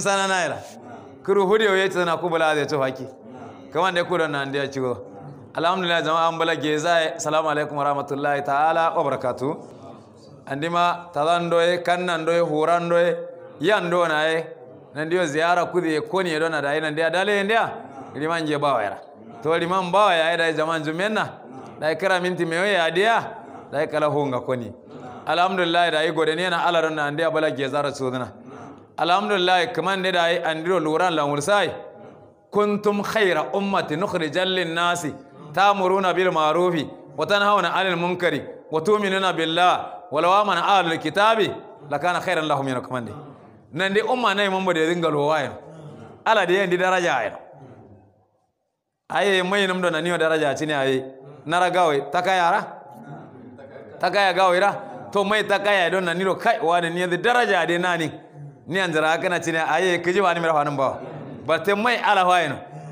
sana naira kuru hudu ya tsana ku bala zai tufa ki kaman da ya kudan na da ciwo alhamdulillah jama'a an bala ge zai salamu alaikum wa rahmatullahi ta'ala wa barakatu an ta zan doye kan nan doye e doye yan do na e nan diyo ziyara kudi koni dona da dai nan dia dale ndia liman je bawa era to liman bawa ya da jama'a jumiyan na da ya kira minti mai mewe ya da ya kala honga koni alhamdulillah da ya dai godene na alaron nan dia bala ge zara sudana alhamdulillah kaman ne da ai andiro luran la mursai kuntum khayra ummati nukhrijal lin nasi ta'muruna bil ma'rufi wa tanhauna 'anil munkari wa tu'minuna billah walaw amana ahlul kitabi lakana khayran lahum ya kaman ne nan dai umma ne mun ba da dinga lowaye ala da yandi daraja ai aye mai nam da naniyo daraja ci ne aye naragawe takayara takaya ra? to mai takaya don naniro kai wa da ne daraja dai nani ni an zara kana cine aye kiji wani mira hanum ba barte mai ala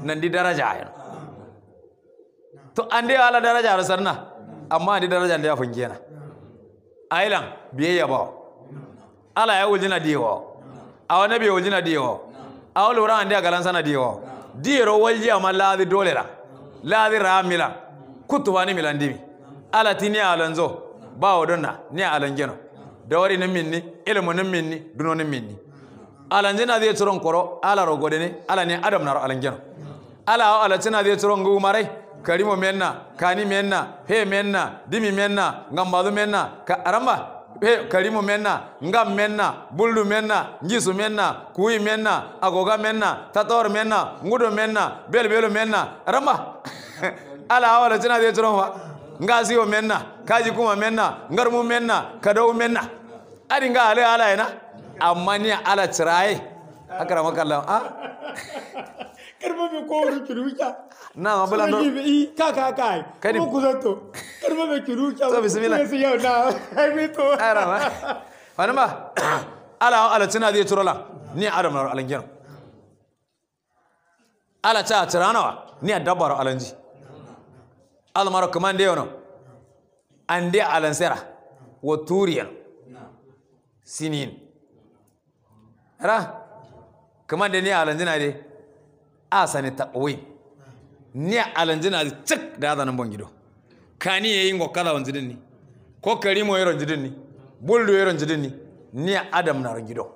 nan di daraja ayno to ande ala daraja ro sarna amma di daraja ande afun gena aylan ya ba ala ya wuljina diwo awa nabi wuljina diwo awa lura ande galan sana diwo diro walji amma laadi dolera laadi ramila kutu wani milandimi ala tini alanzo ba wadonna ni alangeno dawari nan minni ilmu nan minni duno nan minni ala njena adhiye coron koro ala rogodene ala ni adam naro ala njeno ala ala chena adhiye coron gugumare karimo menna kani menna he menna dimi menna ngambadu menna ka aramba he karimo menna ngam menna buldu menna njisu menna kuyi menna agoga menna tator menna ngudo menna belu menna ramba ala ala chena adhiye turon wa ngasiwo menna kaji kuma menna ngarmu menna kadawu menna adi nga ale ala ena amma ni ala haka da makalla a karfe mai kowar wuri kiruka na abula no i ka ka ka kani ku zato karma be kiruka so bismillah sai yau na haifi to ara ma wani ma ala ala tana zai turola ni adam na alangiyar ala ta tiranawa ni dabbar alanji al maro kamande yono ande alansera wa turiyan sinin ra kamar da ni alanjina de sani taqwim ni alanjina cik da zanan bon gido kani yayi ngokala wanjidin ni ko karimo yero jidin ni buldu yero jidin ni ni adam na rangido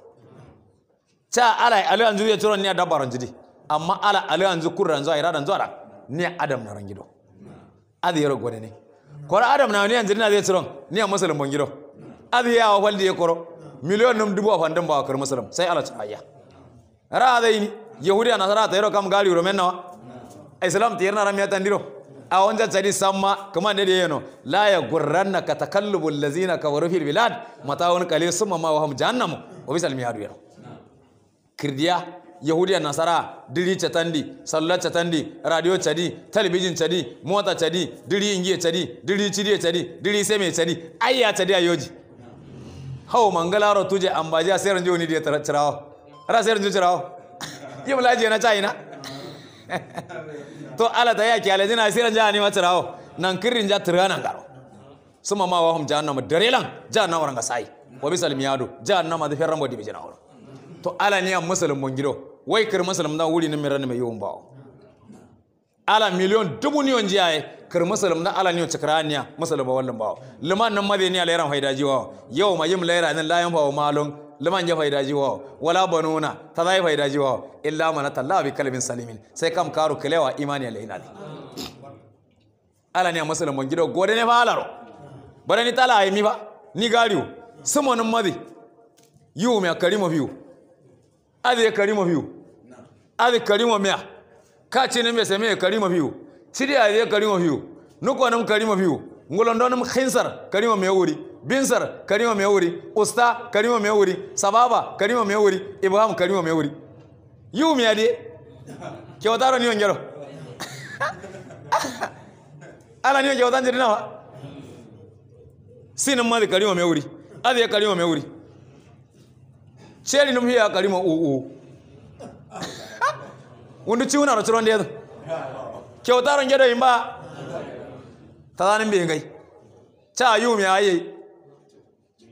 Ca ala ala anzu ya turon ni dabba ranjidi amma ala ala anzu a zuwa radan zuwa ni adam na rangido adi yero gode ne kora adam na ni anjina zai turon ni a musulun bon gido adi ya wa ya koro miliyon num dubu afandin ba kar musulum sai ala tsaya yahudi yahudiya nasara ta yaro kam gali romen nawa islam ta yarna ramiya tandiro a wanda tsari samma kuma ne da yano la ya gurranna ka takallubu allazina kawaru fil bilad mata'un qalil summa ma wahum jahannamu wa bisal mihadu yano kirdiya yahudiya nasara diri chatandi sallar chatandi radio chadi talabijin chadi mota chadi diri ingiye chadi diri chidiye chadi diri seme chadi ayya chadi ayoji hau mangalaro tuje ambaji a sayar joni da cirawa ra sayar joni cirawa yi mulaje na china to ala ta ki ala jina sayar jani ma cirawa nan kirin ja tirana garo suma ma wahum jahannama darelan jahannama ranga sai wa bisal miyadu jahannama da ferran bodi bijina to ala ne musulmin gido wai kir musulmin da wuri ne miran mai yawan bawo ala miliyon dubu yon jiyaye kar musulum na ala niyon niya musulum ba wallan bawo liman nan madani ala yaran faida jiwa yau ma yim laira nan layan bawo malon liman ya faida jiwa wala banuna ta zai faida jiwa illa man talla bi kalbin salimin sai kam karu kalewa imani ala inali ala a musulum ban gido gode ne fa alaro bare ni tala mi ba ni gariu sumonin madi yiwu mai karima biyu adi karima biyu adi karima miya ka chine mbe seme kalima biu ya aye kalima biu nuko anam kalima biu ngolondonam khinsar kalima meuri binsar kalima meuri usta kalima meuri sababa kalima meuri uri ibrahim kalima meuri uri yu me ade kyotaro niyo ngero ala niyo kyotan jirina nawa sina mali kalima meuri uri ade kalima meuri uri cheli numhiya kalima uu ಉಂಡು ಚೀವನ ಅರ ಚುರೋಂಡಿ ಅದು ಕೆವತಾರಂ ಗೆಡೋ ಇಂಬ ತದಾನಿಂ ca yi ಅಯ್ಯೂ May yi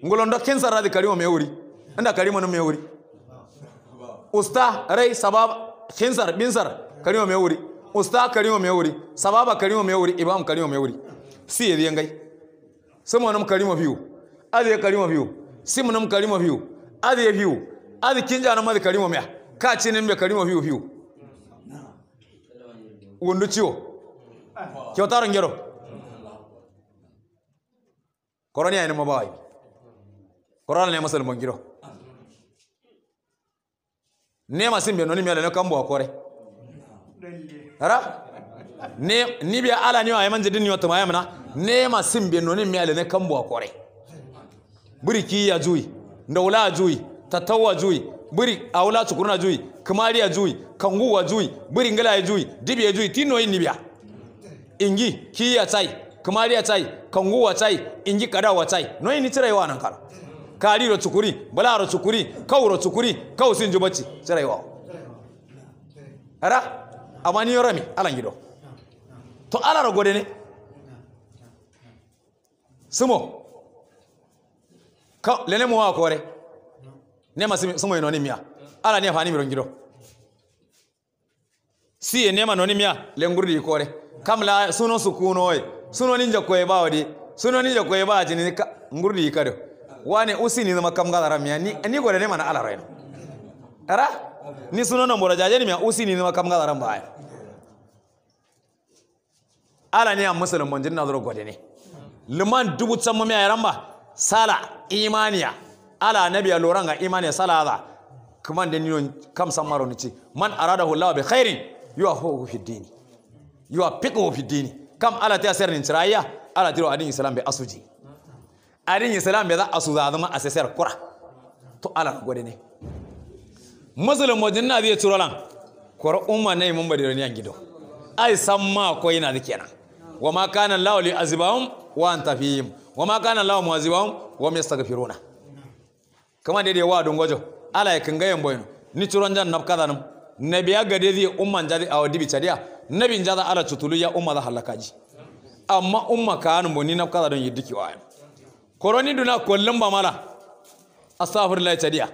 ngulon dokken sarra di karimo me wuri inda karimo nan me wuri usta rai sabab khinsar binsar karimo me wuri usta karimo me wuri sababa karimo me wuri ibam karimo me wuri si yedi ngai sumo nam karimo biu adi karimo biu simu nam karimo biu adi biu adi kinja nam adi karimo mai ka chinin be karimo biu biu wundu ciwo kyauta rangero koroni ya nima bawai korona ne masal mongiro ne masin be noni mele kan kambo akore ara ne ni biya ala ni ayman jidin ni otuma yamna ne masin be noni mele ne kambo akore buriki ya juyi ndawla juyi tatawa juyi buri awla sukurna jui kamariya jui kanguwa jui buri ngala ya jui dibi ya juyi tino yin nibiya ingi kiya tsai kamariya tsai kanguwa tsai ingi kadawa tsai no yin tsirai wa nan kara kari ro tsukuri bala ro tsukuri kau ro tsukuri kau sin jubaci tsirai wa ara amani yorami alangido to ala ro gode ne sumo ka lele mu wa kore neema somo eno nimya ala ni afani mirongiro si nema neema no lenguru di kore kamla suno sukuno e suno ninja eba odi suno ninja koe baati ni di kare wane usi ni zama kamga ramya ni ni gore nema na ala reno ara ni suno no mbora jaje ni mia usi ni zama kamga ramba ay ala ne musulman na zuru gode ne leman dubu tsamma mai ramba sala imania ala nabiya loran ga imani ya kaman da niyon kam san maro nici man arada hullawa bi khairin yuwa hu fi dini yuwa fiqhu fi dini kam ala ta sayar nin cirayya ala tiro adin islam bi asuji adin islam bi za asu za zama asasar kura to ala gode ne musulmo na zai turo lan kora umma ne mun bari ran gido ai san ma ko yana da kenan wa ma kana lawli azibahum wa anta fihim wa ma kana lawmu azibahum wa yastaghfiruna kama dede wa dun gojo ala kanga gayen no. ni turon jan nab kadanum nabi ya gade zai umman jadi a wadibi cadiya nabi jaza ala tutulu ya umma za halakaji amma umma ka hanu ni nab kadanum yiddiki wa koroni duna kollum ba mala astaghfirullah cadiya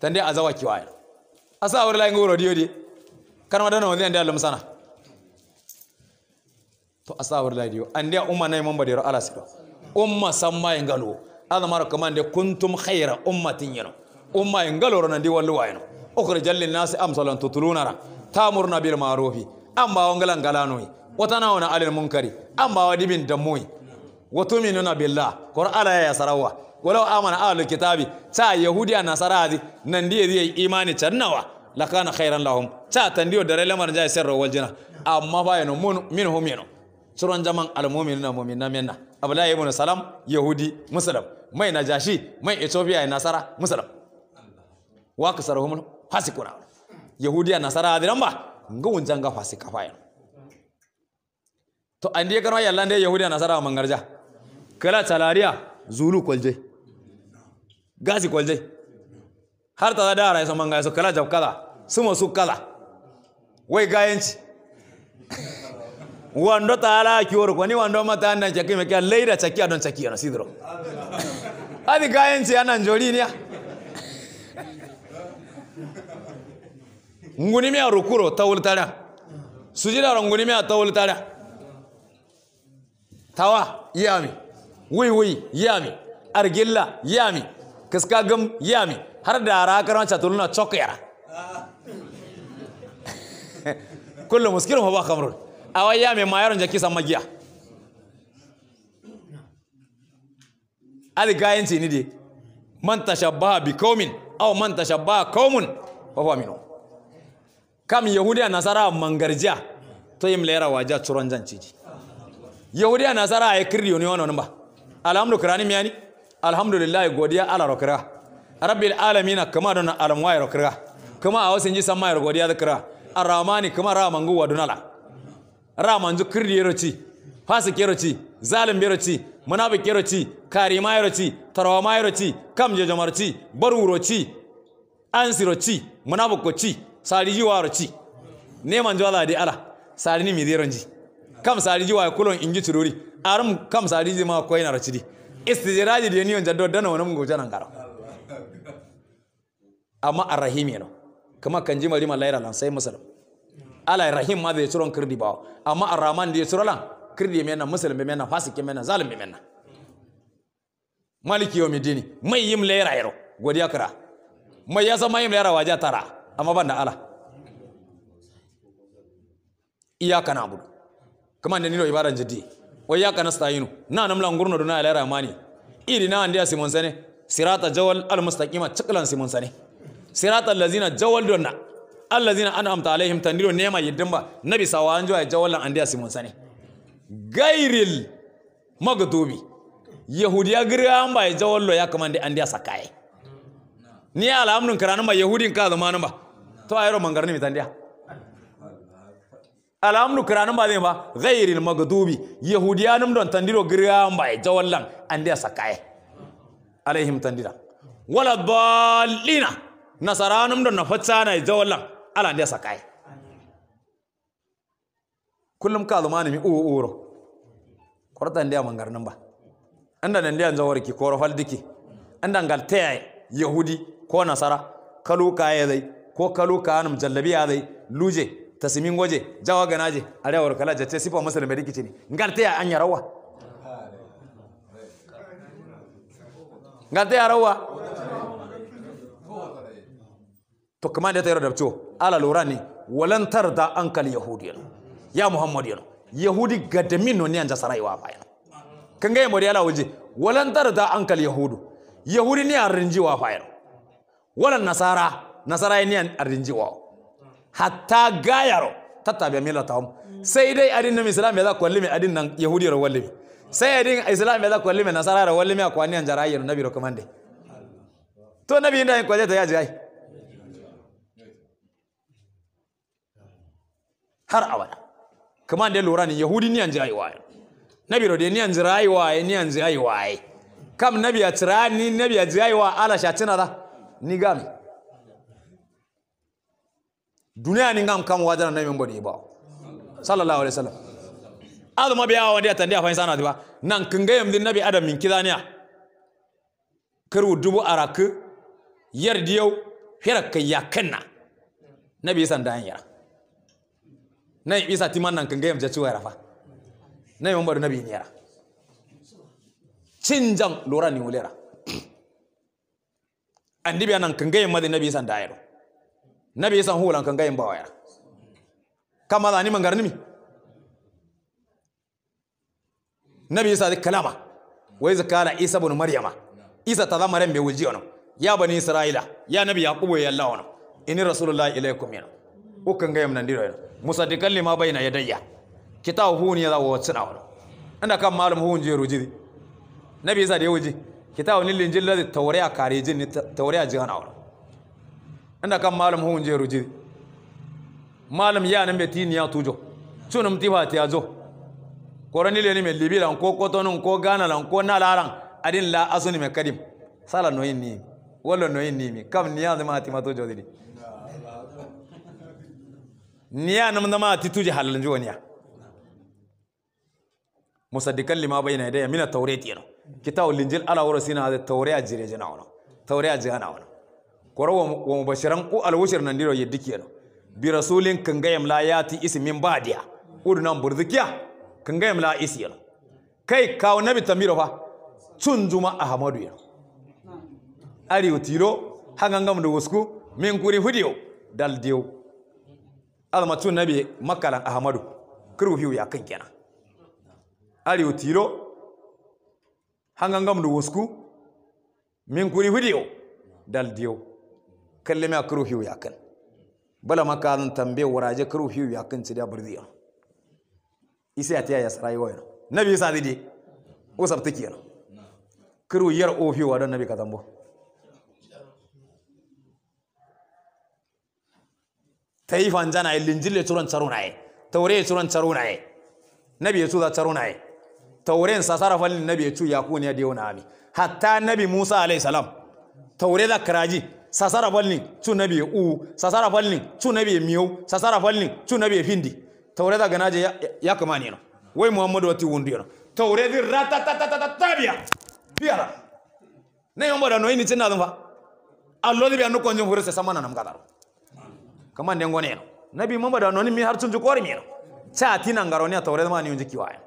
tande azawa kiwa astaghfirullah ngoro di kan wadana wani da Allah musana to astaghfirullah diyo ande umma nay mamba dero ala sido umma samma ngalo adamaro kamande kuntum khayra ummatin yano umma ingaloro nandi wallu wayno okre jalli nasi amsalan tutulunara tamurna bil marufi amma wangala ngalanoi watana wana alil munkari amma wadibin damui watuminuna billah qur'ala ya sarawa walau amana ahlul kitabi ta yahudi a nasaradi nandi yiye imani tannawa lakana khayran lahum ta tandiyo darele marja sirro waljina amma bayno mun minhum yano suran jaman al mu'minuna mu'minna minna, minna. abdullahi ibn salam yahudi Muslim mai najashi mai ethiopia nasara Muslim wa ka sarhum fasikura? yahudiya nasara adiran ba ngawun ga fasika fayan to an dai garwa yallan dai yahudiya nasara mangarja kala talariya zulu kwalje gazi kwalje har ta da ara manga so kala jab kala sumo su kala wai gayanci wando taala kiwor ni wando matanda chaki mekia leira chaki adon chaki ana sidro adi gayensi ana njolini nguni mea rukuro tawul tara sujida ro nguni mea tawul tara tawa yami wi wi yami argilla yami kiska gam yami har da ra karan tuluna chokera kullu muskiru huwa khamrun awaya mai mayar da kisan magiya aligayen ce ni dai. man tashabbaha bi kaumin aw man tashabbaha kaumun fa fa mino kam yahudiya nasara mangarja to yim lera waja churon janci yahudiya nasara ay kirri ne wannan ba alhamdu kirani miyani alhamdulillah godiya ala rokira rabbil alamin kama don alamwa rokira kama a wasin ji san mai godiya da kira arramani kama ramangu wadunala ramanju ci, yeroci fasik ci, zalim yeroci munafik ci, karima yeroci tarawama yeroci kamje jamarci baruroci ansiroci munafikoci sariji waroci neman Allah, de ala sari ni midironji kam ji wa kulon inji tururi arum kam ji ma koyi na racidi istijiraji de niyon jaddo dana wani mungu janan garo amma arrahimi no kama kan ji mari mallaira lan sai musulmi ala rahim ma zai suron kirdi ba amma arraman da ya surolan kirdi mena musulmi mena fasiki mena zalimi mena maliki yawmi dini mai yim lera yaro godiya kira mai ya zama yim lera waje tara amma ban da ala iyaka na abudu kuma da nilo ibadan jiddi wa iyaka stayinu na lan gurno duna lera mani iri na andiya simon sane sirata jawal almustaqima mustaqima ciklan simon sane sirata allazina jawal donna allazina an'amta alaihim taniro nema yiddin ba nabi sawa an jiwa jawalan andiya simon sane gairil magdubi yahudi ya gira an ba jawallo ya kamande andiya sakaye ni alhamdun karanin ba Yahudi ka zamanin ba to a mi mangarni mitandiya alhamdu kiranin ba zai ba ghairil magdubi yahudiyanum don tandiro an ba jawallan ande sakaye alaihim tandira wala balina. nasaranum don nafatsa na jawallan ala ne sakai kullum ka zama ne mi uwu uwuro. Kwarta ndiya mangar ba. Inda na ndiya zawar ki koro faldiki Inda ngal taya yahudi ko nasara kalu ya dai ko kalu kanum jallabiya dai luje tasimin goje jawa ganaje arewar kala jace sifa musulmi rikici ne ngal taya an yarawa ngal taya rawa to kuma da tayar da ciwo ala lura ni walan tarda ankal yahudi ya muhammad yano yahudi gadamin no ni anja saraiwa fa yano kan ga yamori ala waje walan tarda ankal yahudu yahudi ni arrinjiwa fa yano walan nasara nasara ni wa hatta gayaro tattabiya millatahum sai dai adin nan islam ya za kwallimi adin nan yahudi ya wallimi sai adin islam ya za kwallimi nasara ya wallimi akwani anjara ayyana nabi rokamande to nabi inda yin kwaje ta yaji ai har abada kuma da lura ne yahudi ni anzi waye nabi rode ni anzi waye ni anzi waye kam nabi ya ni nabi ya jiaiwa ala tina da ni gami duniya ni ngam kam wajana nabi mbodi ba sallallahu alaihi wasallam biya mabiya wanda tande afa insana diba nan ga din nabi adam min kidaniya karu dubu araku yardiyo hirakka yakanna nabi san dan yara nan isa timan nan kan gayam ya wayar na yi yon bari nabi niyara cinjan lura ni wulera andi biya nan kan gayam madi nabi san dayaro nabi san hulan kan gayam bawaya kama da ni mangar nimi nabi isa kalama wai zakara isa bin maryama isa ta zama ran bai wulji ono ya bani isra'ila ya nabi yaqubu ya allah ono inni rasulullahi ilaikum yana ukkan gayam nan dira musaddiqan lima bayna yadayya kitaw hun ya zawo wacce dawo inda kan malam hun je ruji nabi sa da ya wuji kitaw nil linjil ladhi tawriya karijin tawriya jihan awla inda kan malam hun je ruji malam ya nan ni ya tujo tunum tiba ya zo korani le ni me libiran ko kotonun ko lan ko nalaran adin la asuni me kadim sala noyin ni wala noyin ni mi kam niya zama atimato jodidi niya nam nama tituji halalin juwa niya musaddiqan lima bayna yadayya min at-tawrat yana kitabu linjil ala warasina hada a ajire jana wana tawrat na wana koro wa mubashiran ku al-wushr nan diro yiddiki yana bi rasulin kangayam la yati ismin badiya udunan burzikiya kangayam la isi yana kai kawo nabi tamiro fa cun juma ahmadu yana ari utiro hangangam da wasku min kuri hudiyo dal diyo almatun nabi makalan ahmadu kirgu fiu ya kan kenan ariyo tiro hangangam du wosku min kuri video dal dio kallame akru kirgu fiu ya kan bala makalan tambe waraje kirgu fiu ya kan cida burdiya isi atiya ya sarai wayo nabi sadidi didi o sabtiki yana kirgu yar ofiwa don nabi katambo تايف أنجانا الإنجيل يترون ترونا توريه يترون ترونا نبي يتودا ترونا تورين سسارة فالنبي يتو يكون يديون آمي حتى نبي موسى عليه السلام توريه ذا كراجي سسارة فالني تو نبي أو سسارة فالني تو نبي ميو سسارة فالني تو نبي هندي توريه ذا غناجي يكماني وي محمد واتي وندي توريه ذي راتا تا تا تا تا تابيا بيارا نيومبر أنوين تنا ذنبا الله ذي بأنو كونجم فرس سمانا نمكتارو kama ndengo neno nabi mamba da noni mi har tunju kori mi cha tina ngaroni atore ma ni unji kiwaya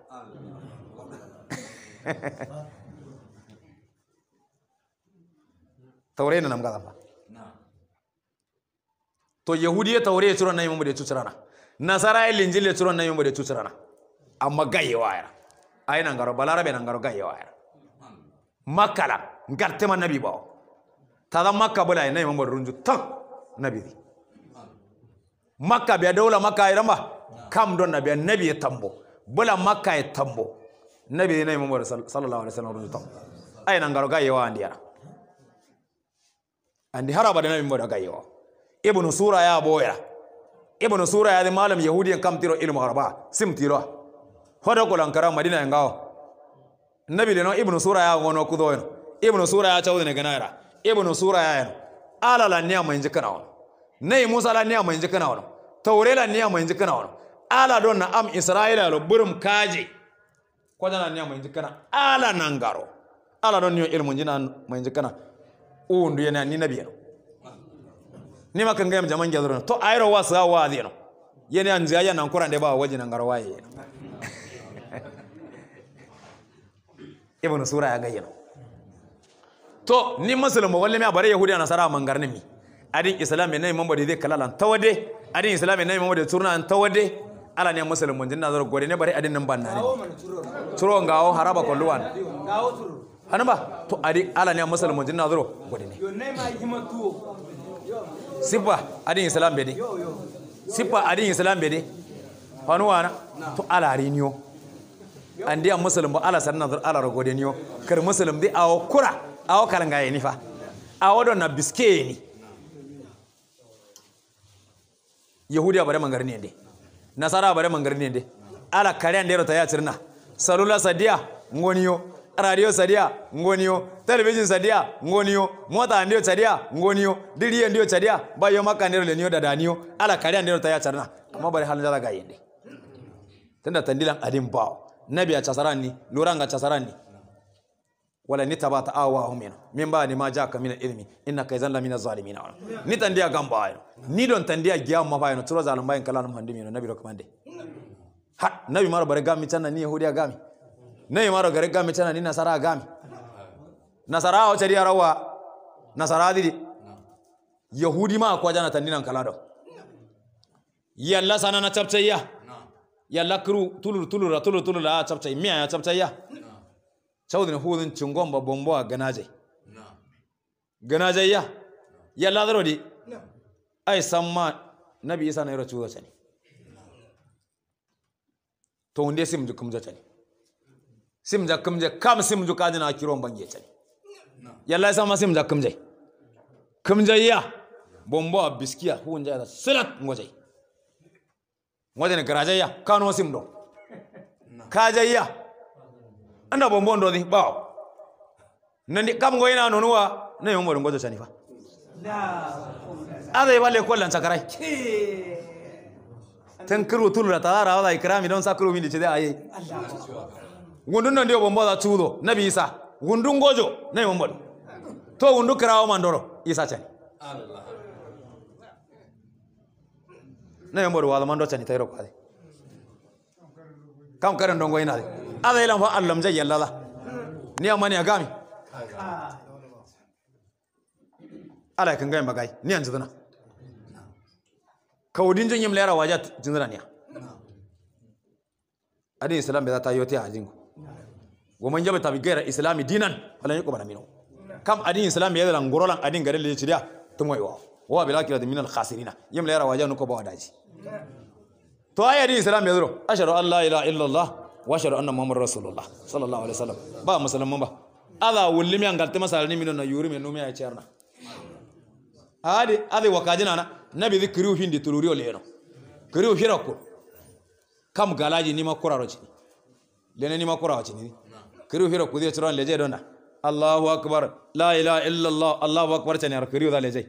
taure na namgala fa to yahudiya taure ya turan na yamma da tuturana nasara ya linjil ya turan na yamma da tuturana amma gayewa ya ayi nan garo balarabe nan garo gayewa ya makala ngarte man nabi bawo tada makka bula na yamma da runju tan nabi makka biya daula makka ramba. kam biya nabi ya tambo Bula makka ya tambo nabi e nayi mamoɗo sallllahu alih w sallam rondi tambo ayna ngaro andiya andi haraba da har nabi mboɗa ga yewa ibnu sura ya boya ibnu sura da malam yahudiyan kam tiro ilmu haraba tiro hodo ko lankara madina ya ngawo nabi le no ibnu sura ya gono doyo ibnu sura ya ne ganayra ibnu sura ya ala la niyama en jikkana on nayi musa la niya en jikkana ono taurela niya mai jikana wani ala don na am isra'ila lo burin kaje kwajana niya mai jikana ala nan garo ala don niyo ilmun jina mai jikana undu yana ni na biyar. ni makan gayam jaman gyazuru to ayro wasu wa zino yana yanzu yayan nan kuran da ba waje nan garo waye ibn sura ya gayyana to ni musulmi wallahi ma bare yahudiya nasara man garnimi adin islam ne imam bade zai kalalan tawade adin islam ne imamu da turna an tawade ala ne musulun mun jinna zara gore ne bare adin nan ban nan turo ngawo haraba kolluwan ngawo turo hanan ba to adin ala ne musulun mun jinna zara gore ne sipa adin islam bede sipa adin islam bede wana to ala riniyo an dia musulun ba ala sanna zara ala gore ne kar musulun bi awo kura awo kalangaye ni fa awo don na biskeni yahudiya bare mangar ne de nasara bare mangar ne ala kare ndero ta ya salula sadia ngoniyo radio sadia ngoniyo television sadia ngonio mota ndio sadia ngoniyo diriye ndio sadia bayo makandero le niyo dadaniyo ala kare ndero ta ya cirna amma bare halin da tunda tandilan bawo nabi a casarani luranga casarani wala nitabata awahu mino mimba ni majaka mina min ilmi innaka idan lamina zalimin wala nita ndia gamba ayo nido don tandiya giya ma bayo turo zalim bayin muhandimi yano nabi ro ha nabi maro bare gami chana ni yehudi ya gami nabi maro gare gami chana ni nasara gami nasara hao chari ya rawa nasara didi yehudi maa kwa jana tandina nkalado ya yalla sana na ya yalla kru tulur tulura tulur tulura ya miya ya ya sawdin hudin chungomba bomboa ganajai ganajai ya ya ladaro di ai samma nabi isa na yaro chuwa chani to hunde sim ju kumja chani sim ja kumje kam sim ju kajina kiro bange chani yalla sama sim ja kumje kumje ya a biskiya hunja da salat ngoje ngoje ne garaje ya kano sim do kajayya anda bombo ndo di bao nandi kam go ina nonuwa ne mo ngozo sanifa fa ada ibale ko lan sakarai tan kiro tulra tarara wala ikrami don sakru min da ayi gundun nan bombo da tudo nabi isa gundun gojo ne mo to gundu kirawo mandoro isa ce allah ne mo ngodo wala mando ce ni tayro kwade kam karan dongo ina de ada ilan fa allam zai yallala ni amma ne gami ala kan gami bagai ni yanzu dana kawudin jin yim lera wajat jinzana ne adin islam bai za ta yi wata yajin ku goman jaba tabi gaira islami dinan falan yi kubana mino kam adin islam bai zan gorolan adin garin lalaci da tumo iwa wa bila kira da minal khasirina yim lera wajan ko ba wadaji to ayi islam bai zuro ashhadu an la ilaha illallah wa annan anna rasulullah sallallahu alaihi wasallam ba musulman ba adha wullimi angalte masalani minon na yuri men numi ay cerna adi, ade wakajina na nabi dhikri hindi o leno kiri uhira hirako kam galaji ni makura roji lene ni makura roji ni kiri uhira ku zai turan leje dona Allahu akbar la ilaha illa Allah Allahu akbar chani ar kiri da leje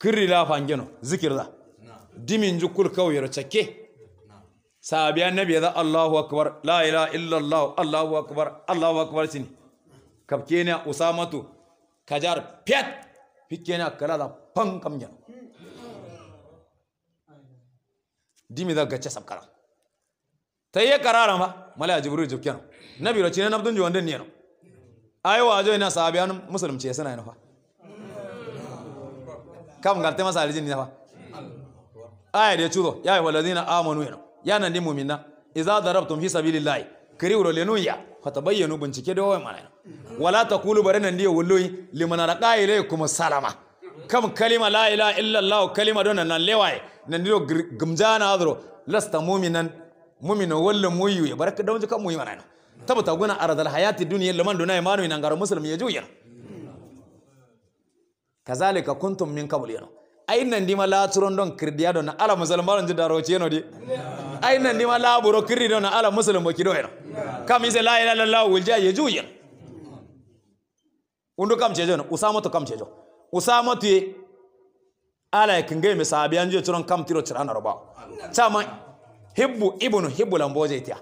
kiri la fangeno zikir da dimin jukul kawyar chake sahabi annabi ya za Allahu akbar la ilaha illallah Allahu akbar Allahu akbar sini kapke ne usamatu kajar pet fikke ne kala da pan kamya dimi da gace sabkara tayye karara ma mala jibril jukyan nabi ro cinan abdun juwan den ne no wajo ina sahabi an musulunci sana ina fa kam galte masa aljin ne fa ai da chudo ya ayyuhallazina amanu ina ya nan ni mu'mina idza darabtum fi sabilillahi kariu lenuya fatabayyanu bincike da wayan mana wala taqulu barana ndiyo wallahi liman salama kam kalima la ilaha illa allah kalima don nan lewaye nan ndiyo gumjana adro lasta mu'minan mu'mina wallan muyu baraka muyu mana tabata guna aradal hayati dunya liman dunai manu nan garo muslim ya juya kazalika kuntum min qabl ayinan ndima laturon kirdiya don ala musalmaron jida roci yano di ayinan ndima laburo kirdi don ala bo kido yano kam ise la ilaha illallah wulja yeju yano undu kam cejo usama to kam cejo usama to ala kinge me sabi anjo turon kam tiro tirana roba chama hibbu ibnu hibbu lamboje tiya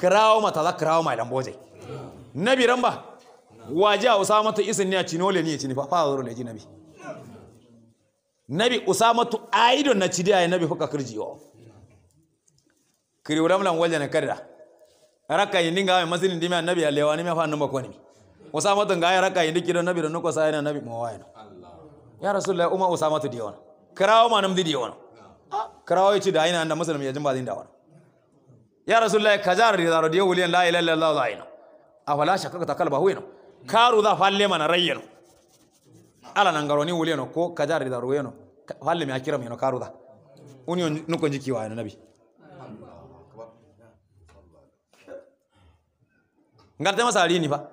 kirawo mata za kirawo mai lamboje nabi ramba waje usama to isin ne a cinole ne a cini fa fa zoro leji nabi nabi usamatu aido na cidiya ya nabi fuka kirjiyo kiri wuram lan walja na karda raka yindi ga mai masinin dimi nabi ya lewa ni me fa numa ko usamatu ga ya raka yindi kido nabi don ko sai nabi ya wayan ya rasulullahi umma usamatu diyon kirawo manam di diyon kirawo yace da ina annabi musulmi ya jin ba zin dawo ya rasulullahi kajar rizaro diyo wuliyan la ilaha illallah zaina afala shakaka kalba huwino hmm. karu za falle mana rayyano ala wule wuleno ko kajari ruwe no halle mi akiram yeno karuda no ko jiki wa nabi ngarte ni ba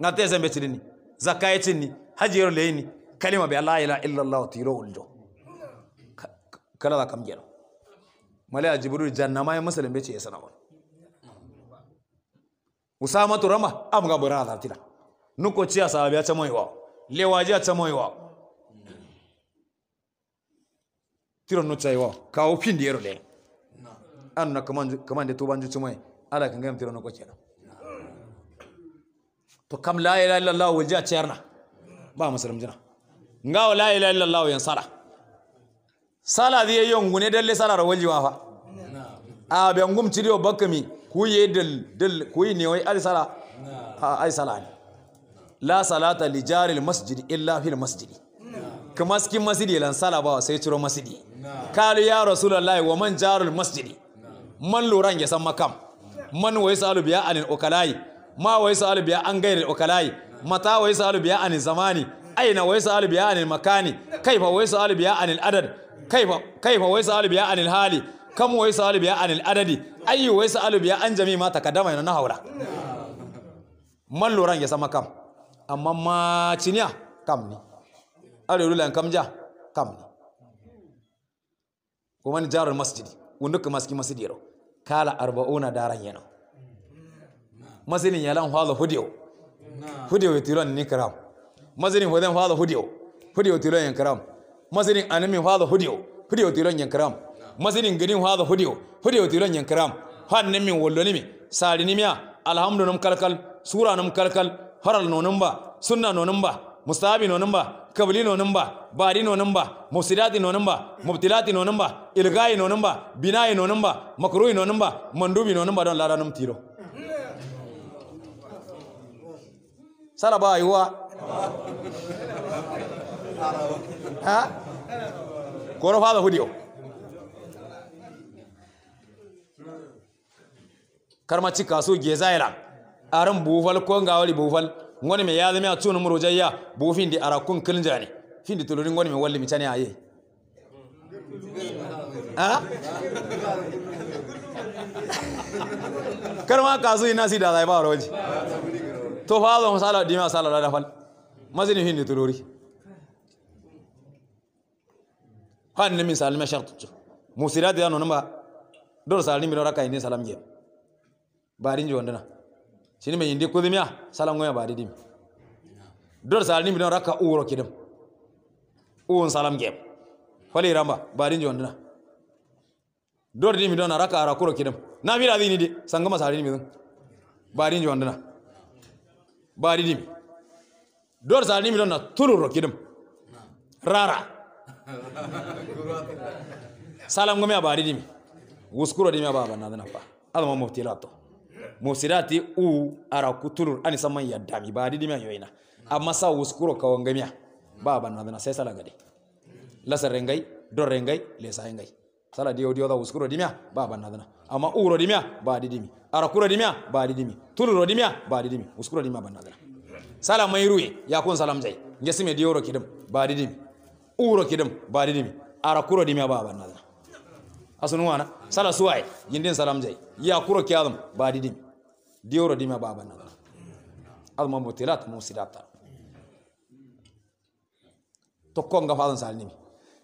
ngarte zembe tirini zakaye tinni hajiyero leyni kalima bi la ilaha illa allah tiro uljo kala da kam gero mala jibril jannama ya muslim be ce ya sanawa usama turama am ga burada tira nuko ciya sahabi ya ce mai wa ta tamoywa tiro no chaiwa ka opindi yero le na kamande kamande to banju tumoy ala kan gam tiro no ko chena to kam la ilaha illallah wajja cherna ba musulmi jina ngawo la ilaha illallah yan sala sala diye yongune dalle sala rawalji fa a bengum tirio bakami kuye dal dal kuye ne wai al sala ai sala ne la salata li jaril masjidi illa fil masjidi kuma cikin masjidi lan sala ba sai ciro masjidi kalu ya rasulullahi wa man jarul masjidi man luran ya san makam man wa yasalu biya anil ukalai ma wa yasalu biya an gairil ukalai mata wa yasalu biya anil zamani aina wa yasalu biya anil makani kaifa wa yasalu biya anil adad kaifa kaifa wa yasalu biya anil hali kam wa yasalu biya anil adadi ayyu wa yasalu biya an jami ma takaddama na haura man luran ya san makam amma maciniya kam ni arewa kamja kam ni kuma ni jarar masjidi wani ka maski masjidi yaro kala arba'una daran yana masjidin yalan hwala hudiyo hudiyo ya tiron ni karam masjidin hudan hwala hudiyo hudiyo tiron yin karam masjidin anamin hwala hudiyo hudiyo tiron yin karam masjidin ganin hwala hudiyo hudiyo tiron yin karam hannun min wallo ni mi sari ni miya alhamdulillah kalkal sura num kalkal faral nonin ba sunna nonin ba mustahabi nonin ba kabli nonin ba bari nonin ba mufsidati nonin ba mubtilati nonin ba ilgai nonin ba binayi nonin ba makruhi nonin ba mandubi nonin ba don lada num tiro sara ba yuwa ha koro fa da hudiyo karma ci kasu gezaira arin bufal ko ga wali bufal ngoni me yadame a tunu murujayya bufindi ara kun kilinjani findi tuluri ngoni me walli mitani aye ha ah? karma kazu ina si da zai ba roji to fa zo masala dima masala da fal mazini hindi tuluri han ne min salima shartu musirati ya no namba dor salimi no ne salam je barin ji jondana sini me yindi kudimya sala ngoya ba didim dor sal ni bidon raka uro kidam uun salam gem fali ramba ba din jondina dor ni bidon raka ara kuro kidam na bira dini di sangama sal ni bidon ba din jondina ba didim dor sal ni bidon na tururo kidam rara salam ngoya ba didim wuskuro dimya ba ba na dana pa mufti muftilato mufsidati u ara kutunur ani saman yadda mi ba didi mi yoyina amma sa wuskuro kawangamiya ba ban na bana sai sala gade lasar rengai don rengai le sa rengai sala diyo diyo da wuskuro dimiya ba ban na amma uro dimiya ba didi mi ara kuro dimiya ba didi mi tunuro dimiya ba didi mi wuskuro dimiya ban na sala mai ruye ya kun salam zai ngesi me diyo ro kidum ba didi mi uro kidum ba didi mi ara kuro dimiya ba ban na asunu wana sala suwai yindin salam jai ya kuro kiyadum ba didi mi diyoro dima baba na alma mutilat musidata to konga fadan salnimi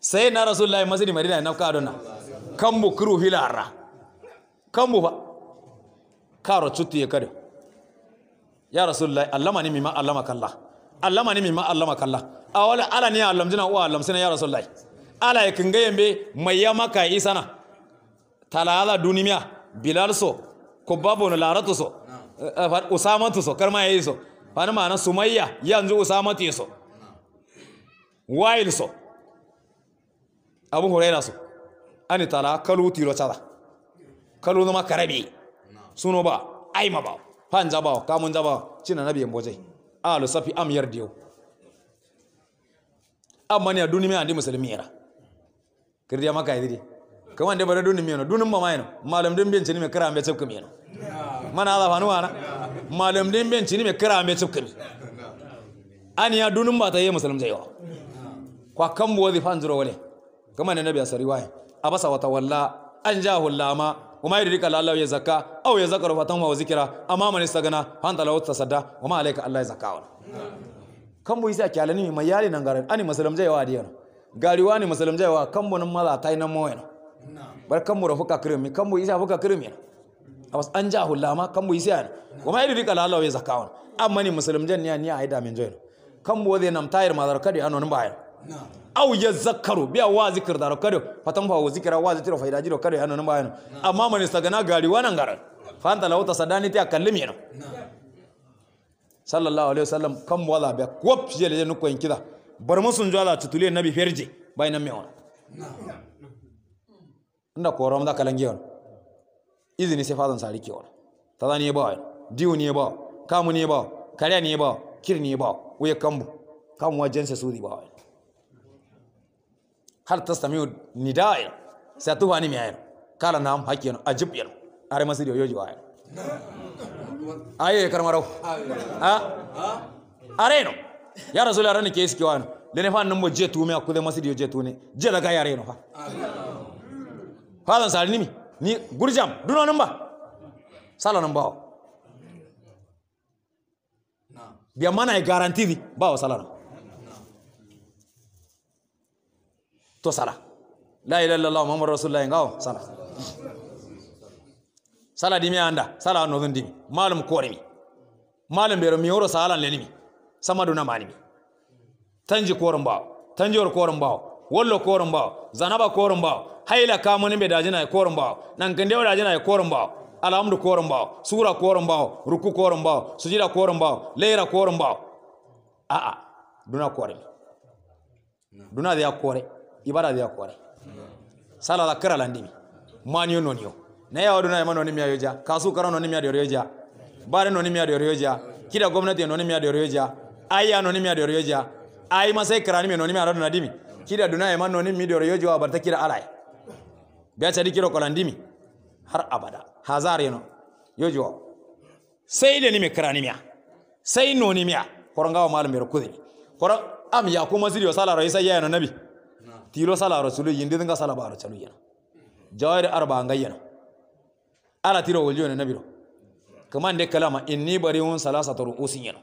sai na rasulullahi masjid madina na kan bu kru hilara bu fa karo chutti ya kare ya rasulullahi allama ni mimma allama kallah allama ni mimma allama kallah awala ala ni allam jina wa allam sina ya rasulullahi ala ya kinga yambe mai ya maka isana talala dunimiya bilal so ko babu na laratu so Eh, usamatu so kar ma so fani ma'ana sumayya yanzu usamatu ya so wail so abu huraira so ani tala kalu tiro cara, kalu zama karabe suno ba aima ba fan jaba kamun jaba cina nabi yan bojai a lusafi am diyo, amma ne a duniya andi musulmi yara kirdiya maka yi diri. kaman da bare dunin miyano dunin ma mayano malam din bin cini me kara me tsukumi yano mana Allah fa nuwana malam din bin cini me kara me tsukumi An ya dunin ba ta yi musulmi zai wa kwa kan zai fan zuro wale kaman na ya sari wai basa wata walla, an jahu lama wa yi yuridika Allah ya zakka aw ya zakara fatan wa zikira amma man sagana, han talawu tasadda wa ma alayka Allah ya zakka wa kan bo isa kyalani mai yali nan garan ani musulmi zai wa diyan gariwani musulmi zai wa kan bo nan maza tai nan moyo bar kan mu rafuka kirmi kan mu sa fuka kirmi wasu an ja hulama kan mu isa kuma iri rika lalawai zakawan amma mani musulun jan niya a yi damin join kan mu wade nam tayar mazar ya anon bayan au ya zakaru biya wa zikir da kado fatan fa wa zikira wa zikira fa idaji kado anon bayan amma mani sagana gari wannan garan fanta lawuta lauta sadani ta kallimi no sallallahu alaihi wasallam kan mu wala biya kwap jele ne ko kida bar musun jala tutule nabi ferje bayan nan mewa Koron korom da kalangi on izini se fadan sari kiwon tada ne ba diu ne ba kamu ne ba kare ne ba kir ne ba uye kambu kamu wa jense suri ba har ta sami tastamiu nida'i sa tuba ni miyayen kala na nam hakiyon ajib yan are masu da yoji wayan aye karmaro ha are no ya rasul arani ke iski wayan lene fa nan mo je tu me akude masu da yoji tu ne je daga yare no fa amin fadon sarinimi ni gurjam duno nan ba sala nan bawo biya mana e ba wa sala nan to sala la ilaha illallah muhammadur rasulullah ngawo sala sala dimi anda sala no dimi malum korimi malum bero mi woro sala lenimi duna mani mi tanji korum ba tanji or korum bawo wollo korum ba zanaba korum ba hayla kamuni be dajina e korum bawo nan kende o dajina e korum bawo alhamdu korum bawo sura korum bawo ruku korum bawo sujida korum bawo leira korum bawo a a duna kore duna dia kore ibada dia kore sala la kara landimi maniyo noniyo na yawa duna ya manoni miya yoja kasu kara noni miya dore yoja bare noni miya dore yoja kida gwamnati noni miya dore yoja ya noni miya dore yoja ayi masai kara ni me noni miya dore dimi kida duna ya manoni miya yoja wa barta alai biya kiro kwalandimi har abada hazar yeno yojo sai ne ni me nimiya sai nonimiya korongawa malum bero kudini koron am ya kuma ziriyo sala raisa isa yana nabi tilo sala rasulu yindi dinga sala ba rasulu yana jawari arba anga yana ala tiro wuljo na nabiro kaman de kalama inni bari un salasatu ru'usin yana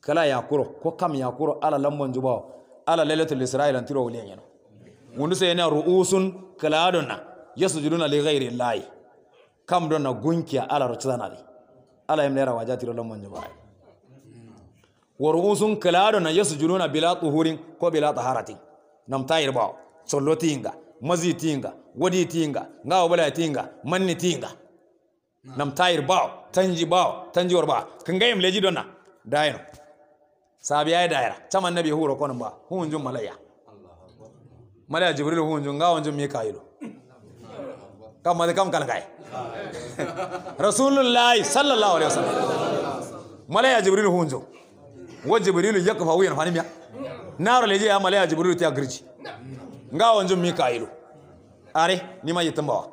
kala ya kuro ko kam ya kuro ala lambon juba ala lailatul isra'ila tiro wulen yana wundu sai yana ru'usun su yasjuduna li ghairi layi, kam na gunkiya ala ne ala yim lera wajatiro lomon jobaye wa ru'usun su yasjuduna bila tuhurin ko bila taharatin nam tayir bawo tinga, mazi tinga wadi tinga ngawo bala tinga manni tinga nam tayir bawo tanji bawo tanji warba kan kangayim leji na. dayino sabiya dayara, caman nabi huro konon ba hunjum malaya mala jibril hunjun ga hunjun kayilo kam mali kam kalkai rasulullahi sallallahu alaihi wasallam mala ya jibril hunjun wa jibril yakfa wiyan fanimiya naro leje ya mala ya jibril ta girji ga hunjun kayilo are ni ma yitamba